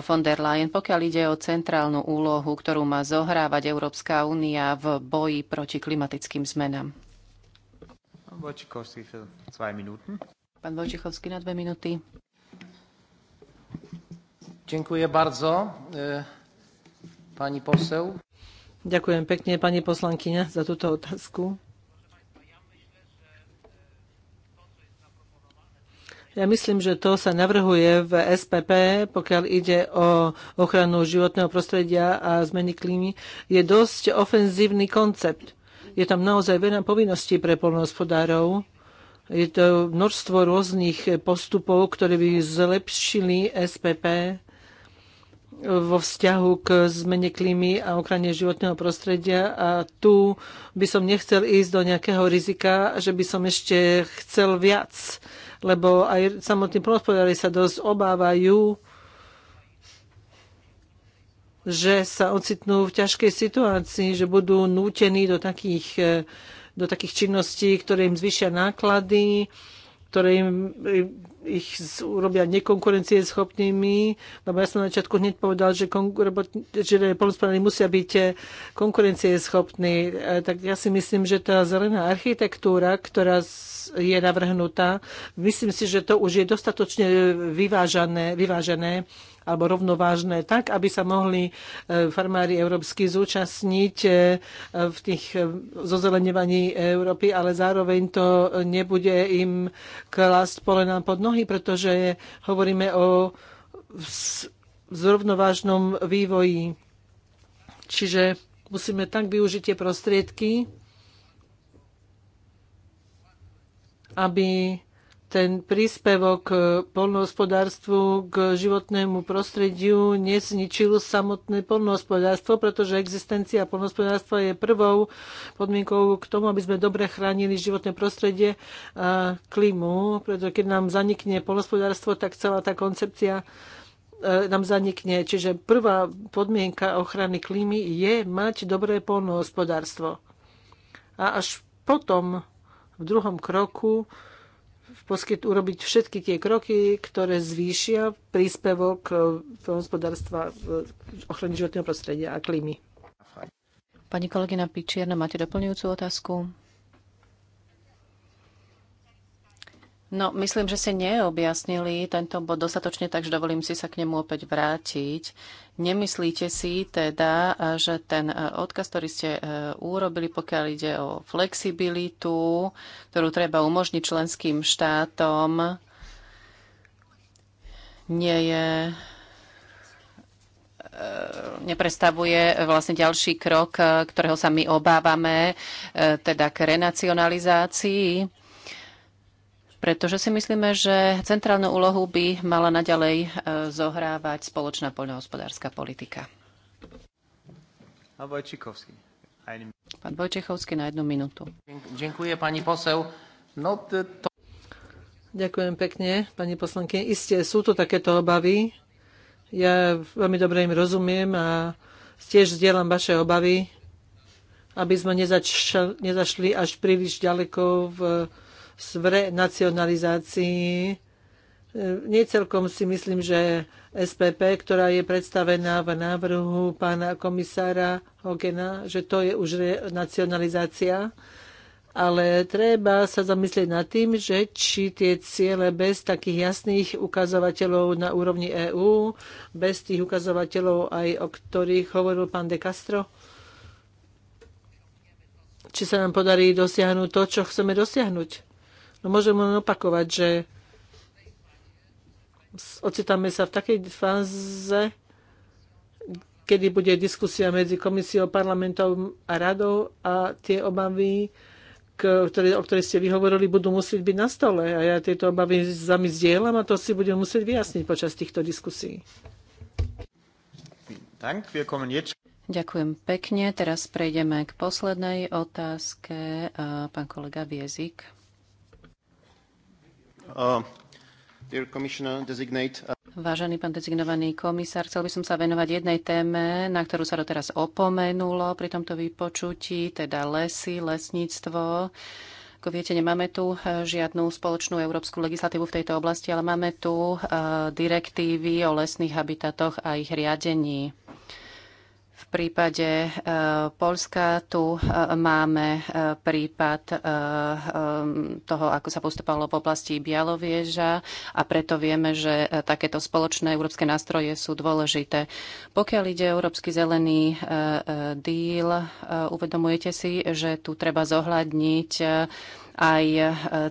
von der Leyen. Pokiaľ ide o centrálnu úlohu, ktorú má zohrávať Európska únia v boji proti klimatickým zmenám. Vojčikovský, Pán Vojčichovský na dve minúty. Ďakujem bardzo, e, pani poseł. Ďakujem pekne, pani poslankyňa, za túto otázku. Ja myslím, že to sa navrhuje v SPP, pokiaľ ide o ochranu životného prostredia a zmeny klímy, je dosť ofenzívny koncept je tam naozaj veľa povinností pre polnohospodárov. Je to množstvo rôznych postupov, ktoré by zlepšili SPP vo vzťahu k zmene klímy a ochrane životného prostredia a tu by som nechcel ísť do nejakého rizika, že by som ešte chcel viac, lebo aj samotní polospodári sa dosť obávajú že sa ocitnú v ťažkej situácii, že budú nútení do takých, e, do takých činností, ktoré im zvyšia náklady, ktoré im, ich urobia nekonkurencieschopnými, lebo no, ja som na začiatku hneď povedal, že, že polnospodári musia byť e, konkurencieschopní. E, tak ja si myslím, že tá zelená architektúra, ktorá je navrhnutá, myslím si, že to už je dostatočne vyvážané, vyvážené alebo rovnovážne tak, aby sa mohli e, farmári európsky zúčastniť e, v tých e, zozelenevaní Európy, ale zároveň to nebude im klásť polená pod nohy, pretože hovoríme o zrovnovážnom vývoji. Čiže musíme tak využiť tie prostriedky, aby ten príspevok k e, polnohospodárstvu, k životnému prostrediu nezničil samotné polnohospodárstvo, pretože existencia polnohospodárstva je prvou podmienkou k tomu, aby sme dobre chránili životné prostredie a klímu, pretože keď nám zanikne polnohospodárstvo, tak celá tá koncepcia e, nám zanikne. Čiže prvá podmienka ochrany klímy je mať dobré polnohospodárstvo. A až potom v druhom kroku poskyt, urobiť všetky tie kroky, ktoré zvýšia príspevok e, hospodárstva v ochrane životného prostredia a klímy. Pani kolegyna Pičierna, máte doplňujúcu otázku? No, myslím, že si neobjasnili tento bod dostatočne, takže dovolím si sa k nemu opäť vrátiť. Nemyslíte si teda, že ten e, odkaz, ktorý ste e, urobili, pokiaľ ide o flexibilitu, ktorú treba umožniť členským štátom, nie je e, neprestavuje vlastne ďalší krok, ktorého sa my obávame, teda k renacionalizácii pretože si myslíme, že centrálnu úlohu by mala naďalej e, zohrávať spoločná poľnohospodárska politika. Pán Vojčechovský na jednu minútu. Ďakujem, pani posel. No, to... Ďakujem pekne, pani poslanky. Isté sú to takéto obavy. Ja veľmi dobre im rozumiem a tiež zdieľam vaše obavy, aby sme nezašli až príliš ďaleko v v renacionalizácii. E, nie celkom si myslím, že SPP, ktorá je predstavená v návrhu pána komisára Hogena, že to je už renacionalizácia ale treba sa zamyslieť nad tým, že či tie ciele bez takých jasných ukazovateľov na úrovni EÚ, bez tých ukazovateľov aj o ktorých hovoril pán De Castro, či sa nám podarí dosiahnuť to, čo chceme dosiahnuť. No môžem len opakovať, že ocitáme sa v takej fáze, kedy bude diskusia medzi komisiou, parlamentom a radou a tie obavy, ktoré, o ktorých ste vyhovorili, budú musieť byť na stole. A ja tieto obavy s vami zdieľam a to si budem musieť vyjasniť počas týchto diskusí. Ďakujem pekne. Teraz prejdeme k poslednej otázke. Pán kolega Viezik. Uh, uh, Vážený pán dezignovaný komisár, chcel by som sa venovať jednej téme, na ktorú sa doteraz opomenulo pri tomto vypočutí, teda lesy, lesníctvo. Ako viete, nemáme tu eh, žiadnu spoločnú európsku legislatívu v tejto oblasti, ale máme tu eh, direktívy o lesných habitatoch a ich riadení. V prípade e, Polska tu e, máme e, prípad toho, ako sa postupovalo v oblasti Bialovieža a preto vieme, že takéto spoločné európske nástroje sú dôležité. Pokiaľ ide Európsky zelený díl, uvedomujete si, že tu treba zohľadniť aj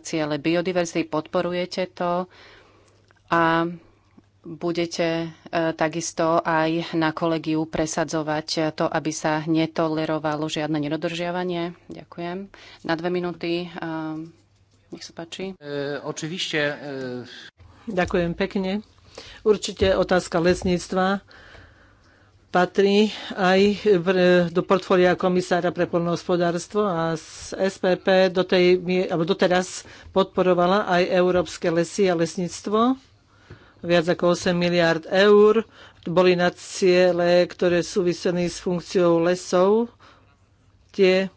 ciele biodiverzity, podporujete to a budete e, takisto aj na kolegiu presadzovať to, aby sa netolerovalo žiadne nedodržiavanie? Ďakujem. Na dve minúty. E, nech sa páči. E, očivište, e... Ďakujem pekne. Určite otázka lesníctva patrí aj do portfólia komisára pre poľnohospodárstvo a z SPP do tej, alebo doteraz podporovala aj európske lesy a lesníctvo viac ako 8 miliard eur. Boli na ciele, ktoré súviseli s funkciou lesov. Tie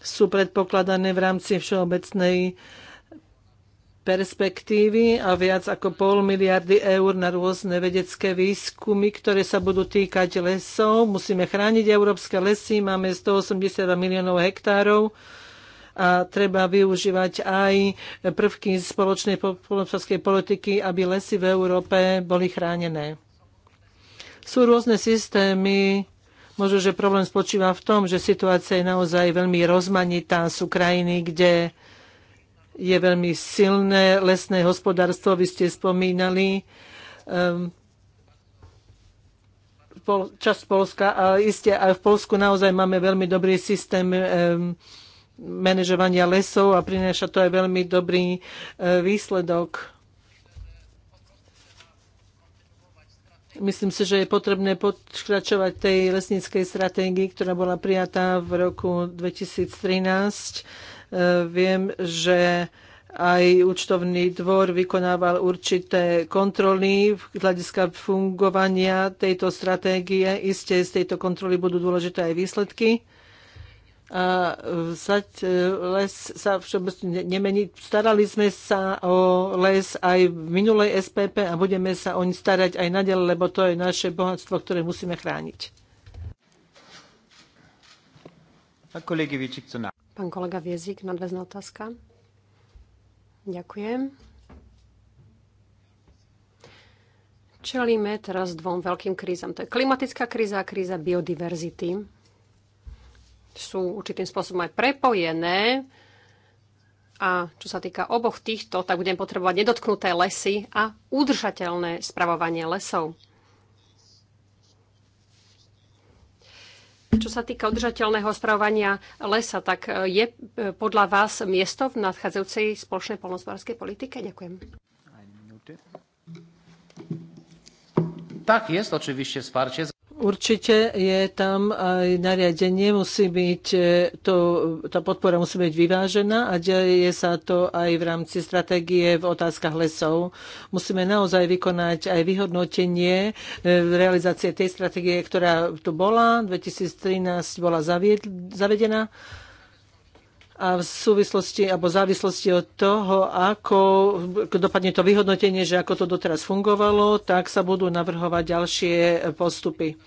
sú predpokladané v rámci všeobecnej perspektívy a viac ako pol miliardy eur na rôzne vedecké výskumy, ktoré sa budú týkať lesov. Musíme chrániť európske lesy, máme 182 miliónov hektárov a treba využívať aj prvky spoločnej polnospodárskej politiky, aby lesy v Európe boli chránené. Sú rôzne systémy, možno, že problém spočíva v tom, že situácia je naozaj veľmi rozmanitá. Sú krajiny, kde je veľmi silné lesné hospodárstvo, vy ste spomínali. Um, pol, časť Polska, ale iste aj v Polsku naozaj máme veľmi dobrý systém um, manažovania lesov a prináša to aj veľmi dobrý e, výsledok. Myslím si, že je potrebné podkračovať tej lesníckej stratégii, ktorá bola prijatá v roku 2013. E, viem, že aj účtovný dvor vykonával určité kontroly v hľadiska fungovania tejto stratégie. Isté z tejto kontroly budú dôležité aj výsledky a sať e, e, les sa všeobecne nemení. Starali sme sa o les aj v minulej SPP a budeme sa oň starať aj naďalej, lebo to je naše bohatstvo, ktoré musíme chrániť. Pán kolega Viezik, nadväzná otázka. Ďakujem. Čelíme teraz dvom veľkým krízam. To je klimatická kríza a kríza biodiverzity sú určitým spôsobom aj prepojené. A čo sa týka oboch týchto, tak budem potrebovať nedotknuté lesy a udržateľné spravovanie lesov. Čo sa týka udržateľného spravovania lesa, tak e, je e, podľa vás miesto v nadchádzajúcej spoločnej polnospodárskej politike? Ďakujem. Tak, jest oczywiście wsparcie. Určite je tam aj nariadenie, musí byť, e, to, tá podpora musí byť vyvážená a deje sa to aj v rámci stratégie v otázkach lesov. Musíme naozaj vykonať aj vyhodnotenie e, realizácie tej stratégie, ktorá tu bola, 2013 bola zavedená a v súvislosti alebo v závislosti od toho, ako dopadne to vyhodnotenie, že ako to doteraz fungovalo, tak sa budú navrhovať ďalšie postupy.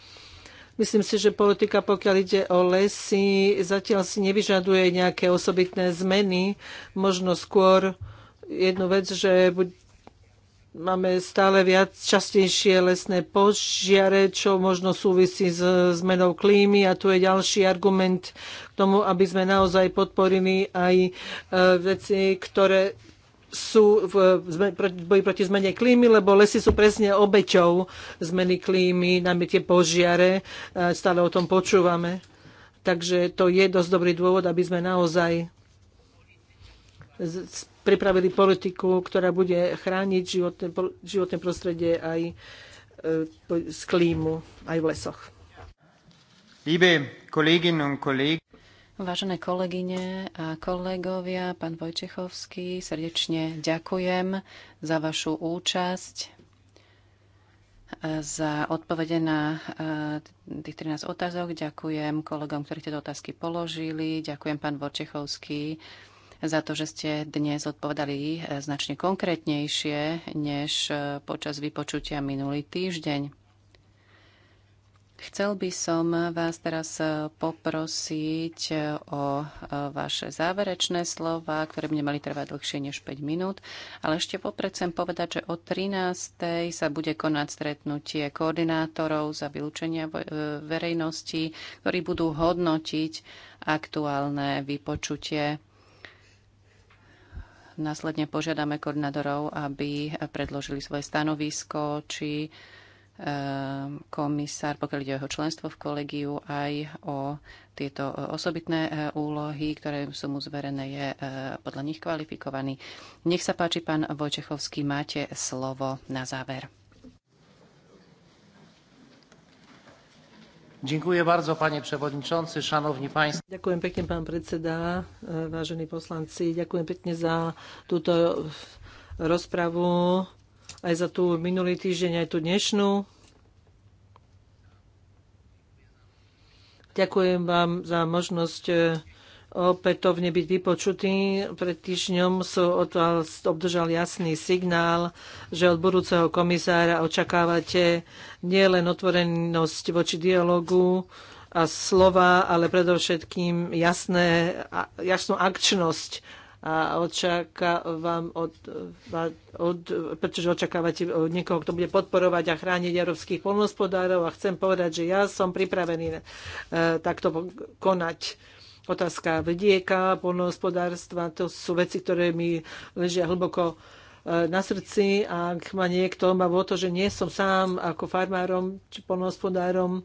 Myslím si, že politika, pokiaľ ide o lesy, zatiaľ si nevyžaduje nejaké osobitné zmeny, možno skôr jednu vec, že máme stále viac častejšie lesné požiare, čo možno súvisí s zmenou klímy a tu je ďalší argument k tomu, aby sme naozaj podporili aj e, veci, ktoré sú v boji proti zmene klímy, lebo lesy sú presne obeťou zmeny klímy, najmä tie požiare, e, stále o tom počúvame. Takže to je dosť dobrý dôvod, aby sme naozaj pripravili politiku, ktorá bude chrániť životné, životné prostredie aj e, z klímu, aj v lesoch. Liebe kolegyne und kolegy. Vážené kolegyne a kolegovia, pán Vojčechovský, srdečne ďakujem za vašu účasť, e, za odpovede na e, tých 13 otázok. Ďakujem kolegom, ktorí tieto otázky položili. Ďakujem pán Vojčechovský za to, že ste dnes odpovedali e, značne konkrétnejšie než e, počas vypočutia minulý týždeň. Chcel by som vás teraz e, poprosiť o vaše záverečné slova, ktoré by nemali trvať dlhšie než 5 minút, ale ešte popred chcem povedať, že o 13. sa bude konať stretnutie koordinátorov za vylúčenia verejnosti, ktorí budú hodnotiť aktuálne vypočutie Následne požiadame koordinátorov, aby predložili svoje stanovisko, či e, komisár, pokiaľ ide o jeho členstvo v kolegiu, aj o tieto e, osobitné e, úlohy, ktoré sú mu zverené, je podľa nich kvalifikovaný. Nech sa páči, pán Vojčechovský, máte slovo na záver. Dziękuję bardzo, panie przewodniczący, szanowni państwo. Ďakujem pekne, pán predseda, e, vážení poslanci. Ďakujem pekne za túto rozpravu, aj za tú minulý týždeň, aj tú dnešnú. Ďakujem vám za možnosť e, opätovne byť vypočutý. Pred týždňom som od vás obdržal jasný signál, že od budúceho komisára očakávate nielen otvorenosť voči dialogu a slova, ale predovšetkým jasné, jasnú akčnosť a očakávam od, od, pretože očakávate od niekoho, kto bude podporovať a chrániť európskych polnospodárov a chcem povedať, že ja som pripravený e, takto konať otázka vidieka, polnohospodárstva, to sú veci, ktoré mi ležia hlboko e, na srdci a ak ma niekto má o to, že nie som sám ako farmárom či polnohospodárom,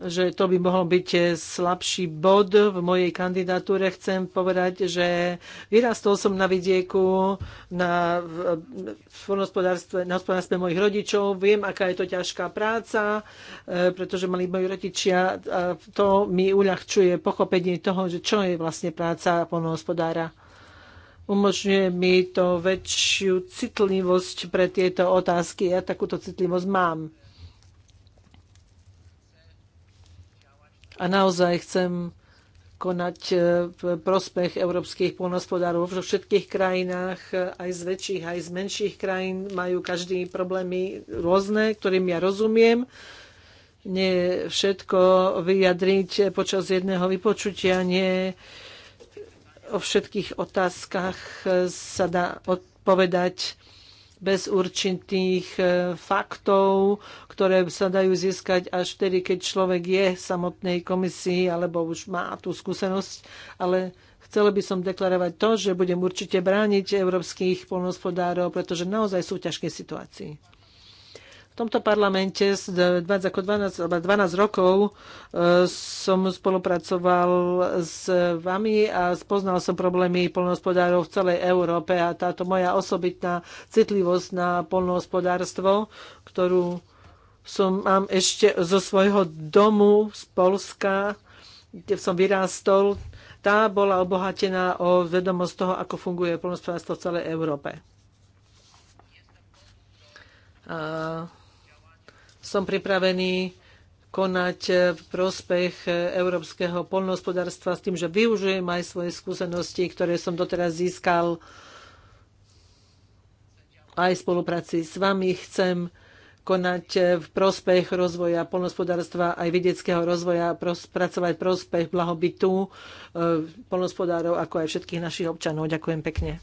že to by mohol byť slabší bod v mojej kandidatúre. Chcem povedať, že vyrastol som na vidieku, na, hospodárstve, na hospodárstve mojich rodičov. Viem, aká je to ťažká práca, e, pretože mali moji rodičia. A to mi uľahčuje pochopenie toho, že čo je vlastne práca polnohospodára. Umožňuje mi to väčšiu citlivosť pre tieto otázky. Ja takúto citlivosť mám. a naozaj chcem konať e, v prospech európskych polnospodárov vo všetkých krajinách, aj z väčších, aj z menších krajín. Majú každý problémy rôzne, ktorým ja rozumiem. Nie všetko vyjadriť počas jedného vypočutia, nie o všetkých otázkach sa dá odpovedať bez určitých e, faktov, ktoré sa dajú získať až vtedy, keď človek je v samotnej komisii alebo už má tú skúsenosť. Ale chcela by som deklarovať to, že budem určite brániť európskych polnospodárov, pretože naozaj sú v ťažkej situácii. V tomto parlamente 12, 12, 12 rokov e, som spolupracoval s vami a spoznal som problémy polnohospodárov v celej Európe a táto moja osobitná citlivosť na polnohospodárstvo, ktorú som, mám ešte zo svojho domu z Polska, kde som vyrástol, tá bola obohatená o vedomosť toho, ako funguje polnohospodárstvo v celej Európe som pripravený konať v prospech európskeho poľnohospodárstva s tým, že využijem aj svoje skúsenosti, ktoré som doteraz získal aj v spolupráci s vami. Chcem konať v prospech rozvoja polnospodárstva aj vedeckého rozvoja, pracovať v prospech blahobytu eh, polnospodárov, ako aj všetkých našich občanov. Ďakujem pekne.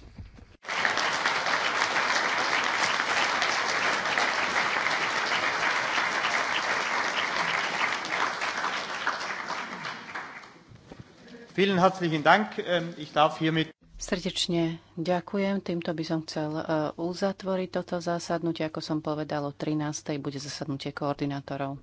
Vielen herzlichen Dank. Ähm, ich darf hiermit Srdečne ďakujem. Týmto by som chcel e, uzatvoriť toto zásadnutie. Ako som povedal, o 13. bude zasadnutie koordinátorov.